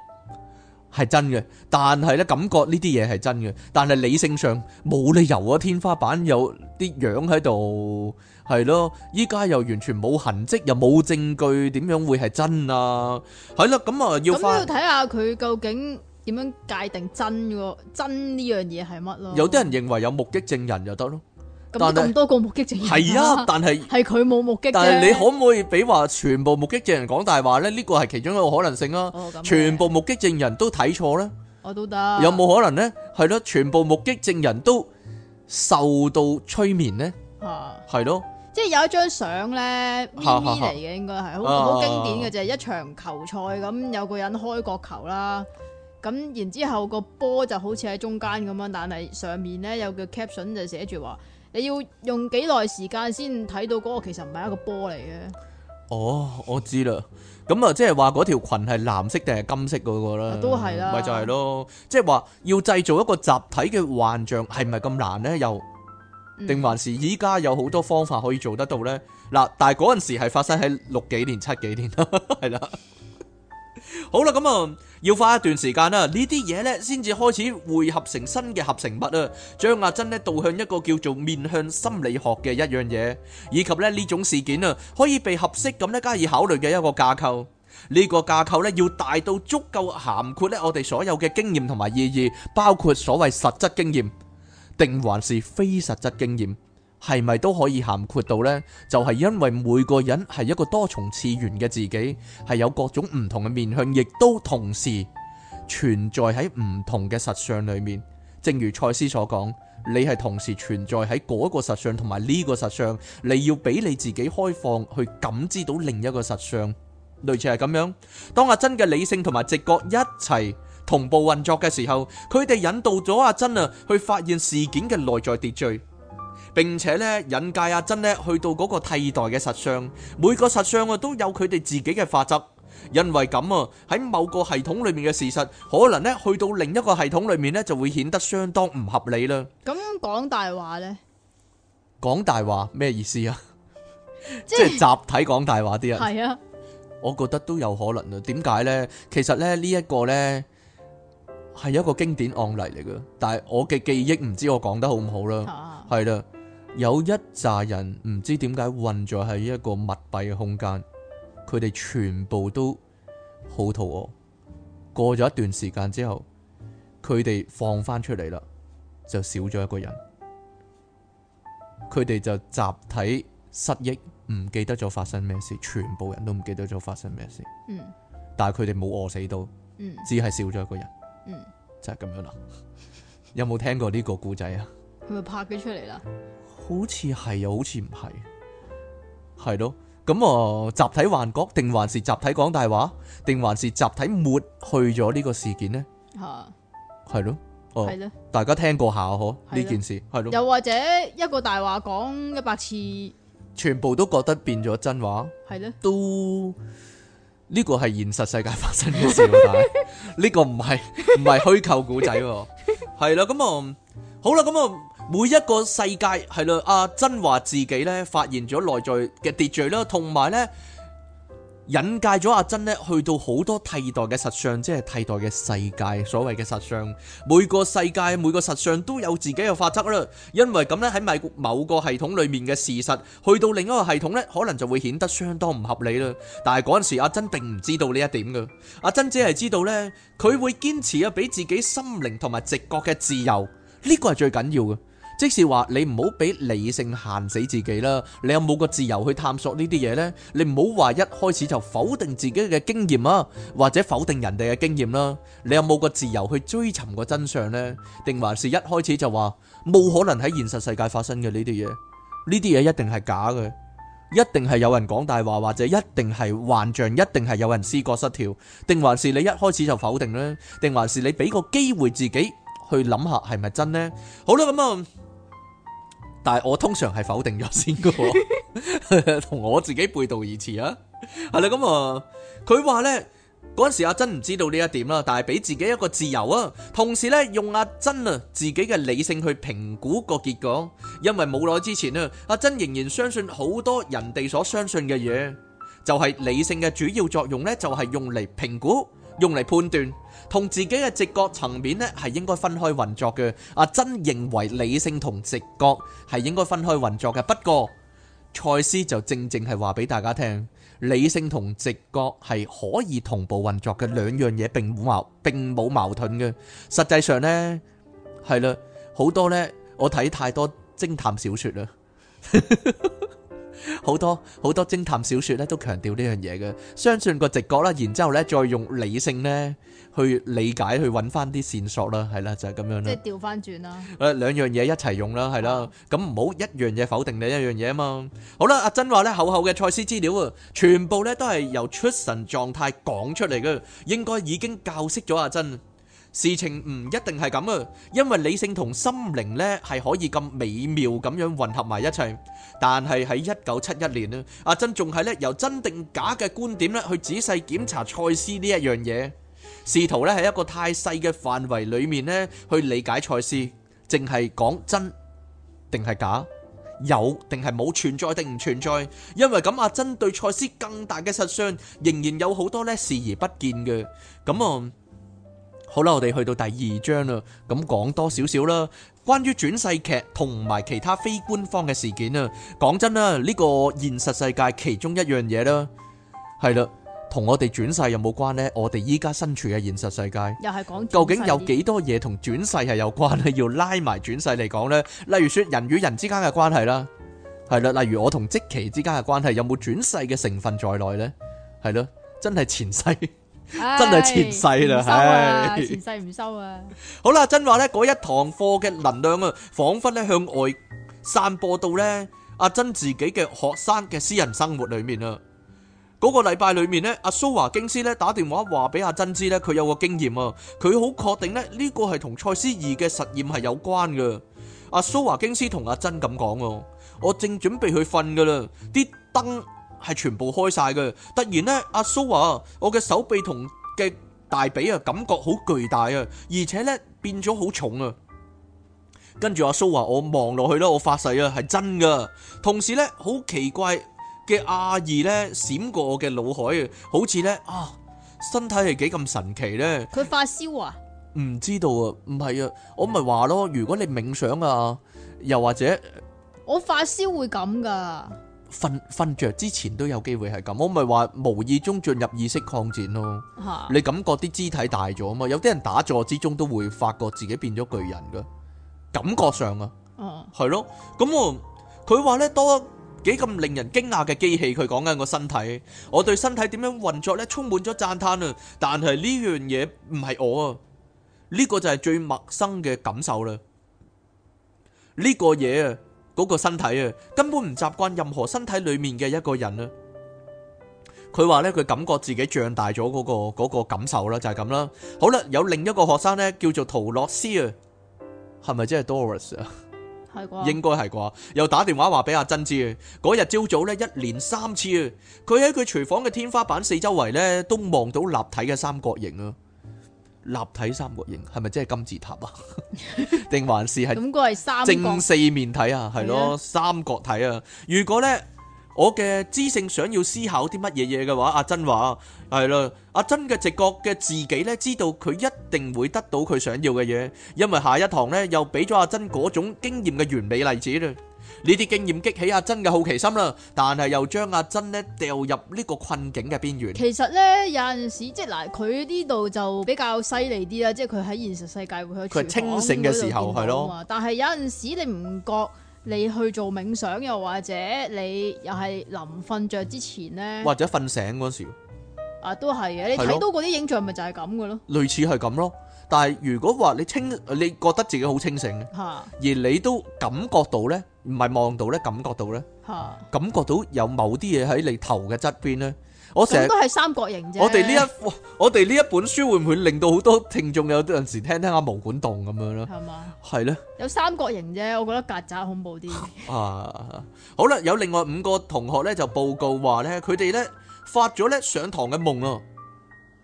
係真嘅，但係咧感覺呢啲嘢係真嘅，但係理性上冇理由啊！天花板有啲樣喺度，係咯，依家又完全冇痕跡，又冇證據，點樣會係真啊？係啦，咁啊要翻，咁要睇下佢究竟點樣界定真個真呢樣嘢係乜咯？有啲人認為有目擊證人就得咯。咁多個目擊證人，係啊！但係係佢冇目擊。但係你可唔可以俾話全部目擊證人講大話咧？呢個係其中一個可能性啊！哦、全部目擊證人都睇錯啦。我都得。有冇可能呢？係咯，全部目擊證人都受到催眠呢？嚇、啊！係咯的，即係有一張相咧，咪咪嚟嘅應該係好好經典嘅就係，啊、一場球賽咁有個人開個球啦，咁然之後，然後個波就好似喺中間咁樣，但係上面呢有個 caption 就寫住話。你要用幾耐時間先睇到嗰個其實唔係一個波嚟嘅？哦，我知啦。咁啊，即係話嗰條裙係藍色定係金色嗰個啦？都係啦，咪就係咯。即係話要製造一個集體嘅幻象係唔係咁難呢？又定還是依家有好多方法可以做得到呢？嗱、嗯，但係嗰陣時係發生喺六幾年、七幾年，係 啦。好啦，咁啊，要花一段時間啦，呢啲嘢呢，先至開始匯合成新嘅合成物啊。將阿珍呢，導向一個叫做面向心理學嘅一樣嘢，以及咧呢種事件啊，可以被合適咁咧加以考慮嘅一個架構。呢個架構呢，要大到足夠涵括呢我哋所有嘅經驗同埋意義，包括所謂實質經驗，定還是非實質經驗。係咪都可以涵括到呢？就係因為每個人係一個多重次元嘅自己，係有各種唔同嘅面向，亦都同時存在喺唔同嘅實相裏面。正如賽斯所講，你係同時存在喺嗰個實相同埋呢個實相，你要俾你自己開放去感知到另一個實相。類似係咁樣，當阿珍嘅理性同埋直覺一齊同步運作嘅時候，佢哋引導咗阿珍啊去發現事件嘅內在秩序。並且咧引介阿珍咧去到嗰個替代嘅實相，每個實相啊都有佢哋自己嘅法則。因為咁啊，喺某個系統裏面嘅事實，可能咧去到另一個系統裏面呢，就會顯得相當唔合理啦。咁講大話呢？講大話咩意思啊？即係 集體講大話啲人係啊，我覺得都有可能啊。點解呢？其實咧呢一個呢，係一個經典案例嚟嘅。但係我嘅記憶唔知我講得好唔好啦。係啦、啊。有一紮人唔知點解混咗喺一個密閉嘅空間，佢哋全部都好肚餓。過咗一段時間之後，佢哋放返出嚟，啦，就少咗一個人。佢哋就集體失憶，唔記得咗發生咩事，全部人都唔記得咗發生咩事。嗯。但係佢哋冇餓死到。嗯。只係少咗一個人。嗯。就係咁樣啦。 有冇聽過呢個故仔啊？係咪拍咗出嚟啦？好似係又好似唔係，係咯咁啊！集體幻覺定還是集體講大話，定還是集體抹去咗呢個事件呢？吓、啊，係咯，哦、嗯，係咯的，大家聽過下嗬呢的件事，係咯。又或者一個大話講一百次，全部都覺得變咗真話，係咧的，都呢個係現實世界發生嘅事，呢 個唔係唔係虛構古仔，係啦，咁啊、嗯，好啦，咁啊。嗯每一個世界係啦，阿珍話自己咧發現咗內在嘅秩序啦，同埋咧引介咗阿珍咧去到好多替代嘅實相，即係替代嘅世界，所謂嘅實相。每個世界每個實相都有自己嘅法則啦。因為咁咧，喺某某個系統裏面嘅事實，去到另一個系統咧，可能就會顯得相當唔合理啦。但係嗰陣時阿珍並唔知道呢一點噶，阿珍只係知道咧佢會堅持啊，俾自己心靈同埋直覺嘅自由，呢個係最緊要嘅。即使即是話你唔好俾理性限死自己啦，你有冇個自由去探索呢啲嘢咧？你唔好話一開始就否定自己嘅經驗啊，或者否定人哋嘅經驗啦。你有冇個自由去追尋個真相咧？定還是一開始就話冇可能喺現實世界發生嘅呢啲嘢？呢啲嘢一定係假嘅，一定係有人講大話，或者一定係幻象，一定係有人思覺失調，定還是你一開始就否定咧？定還是你俾個機會自己去諗下係咪真咧？好啦，咁啊～但係我通常係否定咗先嘅，同 我自己背道而馳啊！係 啦，咁、嗯、啊，佢話呢嗰陣時阿珍唔知道呢一點啦，但係俾自己一個自由啊，同時呢，用阿珍啊自己嘅理性去評估個結果，因為冇耐之前啊，阿珍仍然相信好多人哋所相信嘅嘢，就係、是、理性嘅主要作用呢，就係用嚟評估。用嚟判斷，同自己嘅直覺層面呢係應該分開運作嘅。阿珍認為理性同直覺係應該分開運作嘅。不過，賽斯就正正係話俾大家聽，理性同直覺係可以同步運作嘅兩樣嘢，並冇矛並冇矛盾嘅。實際上呢，係啦，好多呢，我睇太多偵探小説啦。好多好多偵探小說咧都強調呢樣嘢嘅，相信個直覺啦，然之後咧再用理性咧去理解去揾翻啲線索啦，係啦就係咁樣啦。即係調翻轉啦，誒兩樣嘢一齊用啦，係啦，咁唔好一樣嘢否定另一樣嘢啊嘛。好啦，阿珍話咧厚厚嘅賽斯資料啊，全部咧都係由出神狀態講出嚟嘅，應該已經教識咗阿珍。事情唔一定係咁啊，因為理性同心靈呢係可以咁美妙咁樣混合埋一齊。但係喺一九七一年啊，阿珍仲係呢由真定假嘅觀點呢去仔細檢查賽斯呢一樣嘢，試圖呢喺一個太細嘅範圍裏面呢去理解賽斯，淨係講真定係假，有定係冇，存在定唔存在。因為咁，阿珍對賽斯更大嘅實相仍然有好多呢視而不見嘅，咁啊。好啦，我哋去到第二章啦，咁講多少少啦，關於轉世劇同埋其他非官方嘅事件啊，講真啦，呢個現實世界其中一樣嘢啦，係啦，同我哋轉世有冇關呢？我哋依家身處嘅現實世界，究竟有幾多嘢同轉世係有關咧？要拉埋轉世嚟講呢？例如說人與人之間嘅關係啦，係啦，例如我同積奇之間嘅關係有冇轉世嘅成分在內呢？係咯，真係前世。真係前世啦，唉，前世唔收啊！好啦，阿珍話咧，嗰一堂課嘅能量啊，仿佛咧向外散播到咧阿珍自己嘅學生嘅私人生活裏面啊。嗰個禮拜裏面咧，阿蘇華京師咧打電話話俾阿珍知咧，佢有個經驗啊，佢好確定咧呢個係同賽斯二嘅實驗係有關嘅。阿蘇華京師同阿珍咁講，我正準備去瞓噶啦，啲燈。係全部開晒嘅。突然呢，阿蘇話：我嘅手臂同嘅大髀啊，感覺好巨大啊，而且咧變咗好重啊。跟住阿蘇話：我望落去啦，我發誓啊，係真噶。同時呢，好奇怪嘅阿二呢，閃過我嘅腦海，好似呢，啊，身體係幾咁神奇呢？佢發燒啊？唔知道啊，唔係啊，我咪話咯，如果你冥想啊，又或者我發燒會咁噶。瞓瞓著之前都有機會係咁，我咪話無意中進入意識擴展咯。你感覺啲肢體大咗啊嘛，有啲人打坐之中都會發覺自己變咗巨人噶，感覺上啊，係咯。咁我佢話咧多幾咁令人驚訝嘅機器，佢講緊個身體，我對身體點樣運作咧充滿咗讚歎啊！但係呢樣嘢唔係我啊，呢個就係最陌生嘅感受啦。呢個嘢啊～嗰個身體啊，根本唔習慣任何身體裏面嘅一個人啊。佢話咧，佢感覺自己脹大咗嗰個嗰個感受啦，就係咁啦。好啦，有另一個學生咧，叫做陶洛斯啊，係咪即係 Doris 啊？係啩？應該係啩？又打電話話俾阿珍知啊。嗰日朝早咧，一連三次啊，佢喺佢廚房嘅天花板四周圍咧，都望到立體嘅三角形啊。立體三角形係咪即係金字塔啊？定 還是係？咁個係正四面體啊，係咯，三角體啊。如果呢，我嘅知性想要思考啲乜嘢嘢嘅話，阿珍話係啦。阿珍嘅直覺嘅自己呢，知道佢一定會得到佢想要嘅嘢，因為下一堂呢，又俾咗阿珍嗰種經驗嘅完美例子啦。呢啲經驗激起阿珍嘅好奇心啦，但係又將阿珍咧掉入呢個困境嘅邊緣。其實呢，有陣時，即係嗱，佢呢度就比較犀利啲啦，即係佢喺現實世界會去。佢清醒嘅時候係咯，但係有陣時你唔覺你去做冥想，又或者你又係臨瞓着之前呢，或者瞓醒嗰時，啊都係嘅。你睇到嗰啲影像咪就係咁嘅咯，類似係咁咯。但係如果話你清，你覺得自己好清醒嘅，而你都感覺到咧，唔係望到咧，感覺到咧，感覺到有某啲嘢喺你頭嘅側邊咧，我成日都係三角形啫。我哋呢一我哋呢一本書會唔會令到好多聽眾有陣時聽聽下毛管動咁樣囉？係嘛？係咧。有三角形啫，我覺得曱甴恐怖啲。啊，好啦，有另外五個同學咧就報告話咧，佢哋咧發咗咧上堂嘅夢囉。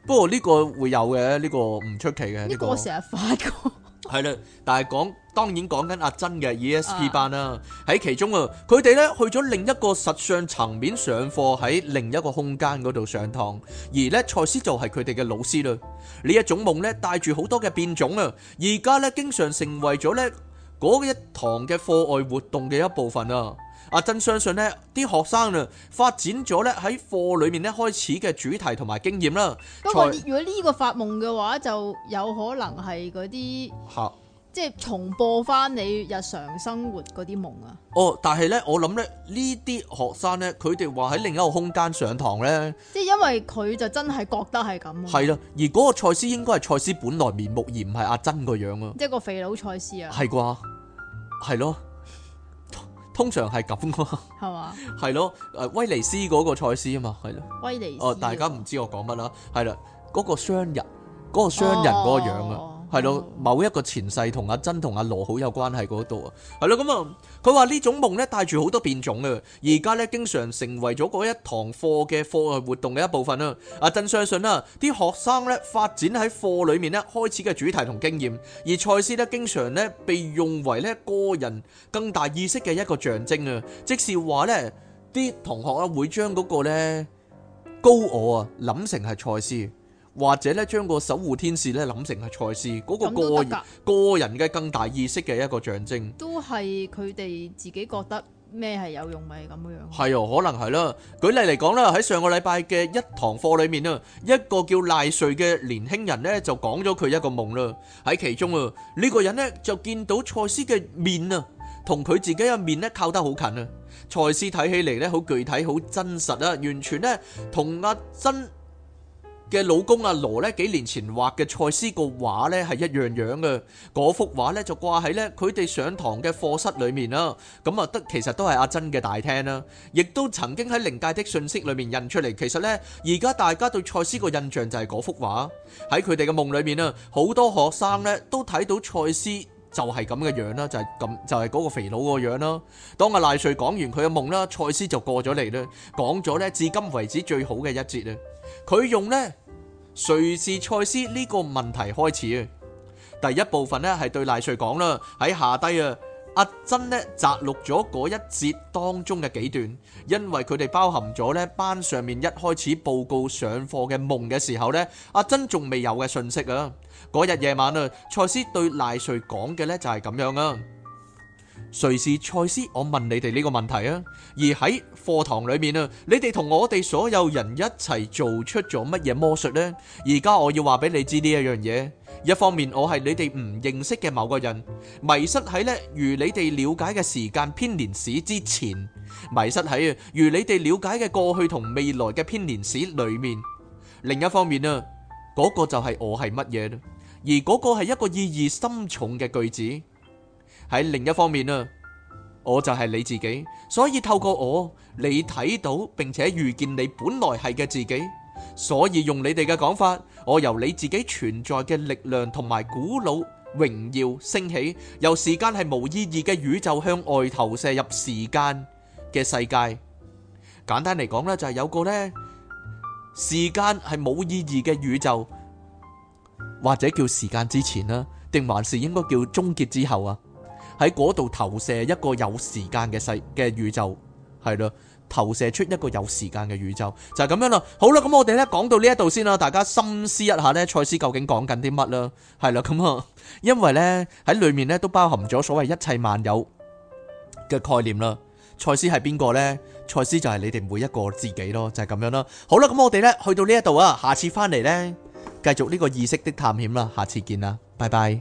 不過呢個會有嘅，呢個唔出奇嘅。呢個我成日發覺係啦，但係講當然講緊阿珍嘅 E S P 班啦。喺其中啊，佢哋咧去咗另一個實相層面上課，喺另一個空間嗰度上堂，而咧賽斯就係佢哋嘅老師啦。呢一種夢咧帶住好多嘅變種啊，而家咧經常成為咗咧嗰一堂嘅課外活動嘅一部分啊。阿珍、啊、相信呢啲學生啊，發展咗呢喺課裏面呢開始嘅主題同埋經驗啦。不過如果呢個發夢嘅話，就有可能係嗰啲嚇，哈即係重播翻你日常生活嗰啲夢啊。哦，但係呢，我諗呢呢啲學生呢，佢哋話喺另一個空間上堂呢，即係因為佢就真係覺得係咁、啊。係啦、啊，而嗰個賽斯應該係賽斯本來面目而唔係阿珍個樣啊。即係個肥佬賽斯啊。係啩？係咯。通常係咁噶，係嘛？係、呃、咯，誒威尼斯嗰個賽斯啊嘛，係咯，威尼斯哦、呃，大家唔知我講乜啦，係啦，嗰、嗰個商人，嗰、嗰個商人嗰個樣啊。哦哦哦哦哦哦係咯，某一個前世同阿珍同阿羅好有關係嗰度啊，係咯咁啊，佢話呢種夢咧帶住好多變種啊，而家呢，經常成為咗嗰一堂課嘅課外活動嘅一部分啊。阿珍相信啊，啲學生呢發展喺課裏面呢開始嘅主題同經驗，而賽斯呢，經常呢被用為呢個人更大意識嘅一個象徵啊，即是話呢啲同學啊會將嗰個呢「高我」啊諗成係賽斯。或者咧，將個守護天使咧諗成係賽斯嗰個個個人嘅更大意識嘅一個象徵，都係佢哋自己覺得咩係有用咪咁樣？係啊，可能係啦。舉例嚟講啦，喺上個禮拜嘅一堂課裡面啊，一個叫賴瑞嘅年輕人咧就講咗佢一個夢啦。喺其中啊，呢個人咧就見到賽斯嘅面啊，同佢自己嘅面咧靠得好近啊。賽斯睇起嚟咧好具體、好真實啊，完全咧同阿珍嘅老公阿羅咧，幾年前畫嘅賽斯個畫咧係一樣樣嘅，嗰幅畫咧就掛喺咧佢哋上堂嘅課室裏面啦。咁啊，得其實都係阿珍嘅大廳啦，亦都曾經喺靈界的信息裏面印出嚟。其實咧，而家大家對賽斯個印象就係嗰幅畫。喺佢哋嘅夢裏面啦，好多學生咧都睇到賽斯就係咁嘅樣啦，就係咁就係嗰個肥佬個樣啦。當阿賴瑞講完佢嘅夢啦，賽斯就過咗嚟啦，講咗咧至今為止最好嘅一節啦。佢用呢，誰是賽斯呢個問題開始。第一部分咧係對賴瑞講啦，喺下低啊，阿珍呢，摘錄咗嗰一節當中嘅幾段，因為佢哋包含咗呢班上面一開始報告上課嘅夢嘅時候呢，阿珍仲未有嘅信息啊，嗰日夜晚啊，賽斯對賴瑞講嘅呢，就係咁樣啊。誰是賽斯？我問你哋呢個問題啊！而喺課堂裏面啊，你哋同我哋所有人一齊做出咗乜嘢魔術呢？而家我要話俾你知呢一樣嘢：一方面，我係你哋唔認識嘅某個人，迷失喺呢如你哋了解嘅時間編年史之前，迷失喺如你哋了解嘅過去同未來嘅編年史裏面；另一方面啊，嗰個就係我係乜嘢。而嗰個係一個意義深重嘅句子。喺另一方面啦，我就係你自己，所以透過我，你睇到並且遇見你本來係嘅自己。所以用你哋嘅講法，我由你自己存在嘅力量同埋古老榮耀升起，由時間係冇意義嘅宇宙向外投射入時間嘅世界。簡單嚟講咧，就係有個咧時間係冇意義嘅宇宙，或者叫時間之前啦，定還是應該叫終結之後啊？喺嗰度投射一個有時間嘅世嘅宇宙，係啦，投射出一個有時間嘅宇宙就係咁樣啦。好啦，咁我哋呢講到呢一度先啦，大家深思一下呢，賽斯究竟講緊啲乜啦？係啦，咁啊，因為呢喺裏面呢都包含咗所謂一切萬有嘅概念啦。賽斯係邊個呢？賽斯就係你哋每一個自己咯，就係咁樣啦。好啦，咁我哋呢去到呢一度啊，下次翻嚟呢繼續呢個意識的探險啦，下次見啦，拜拜。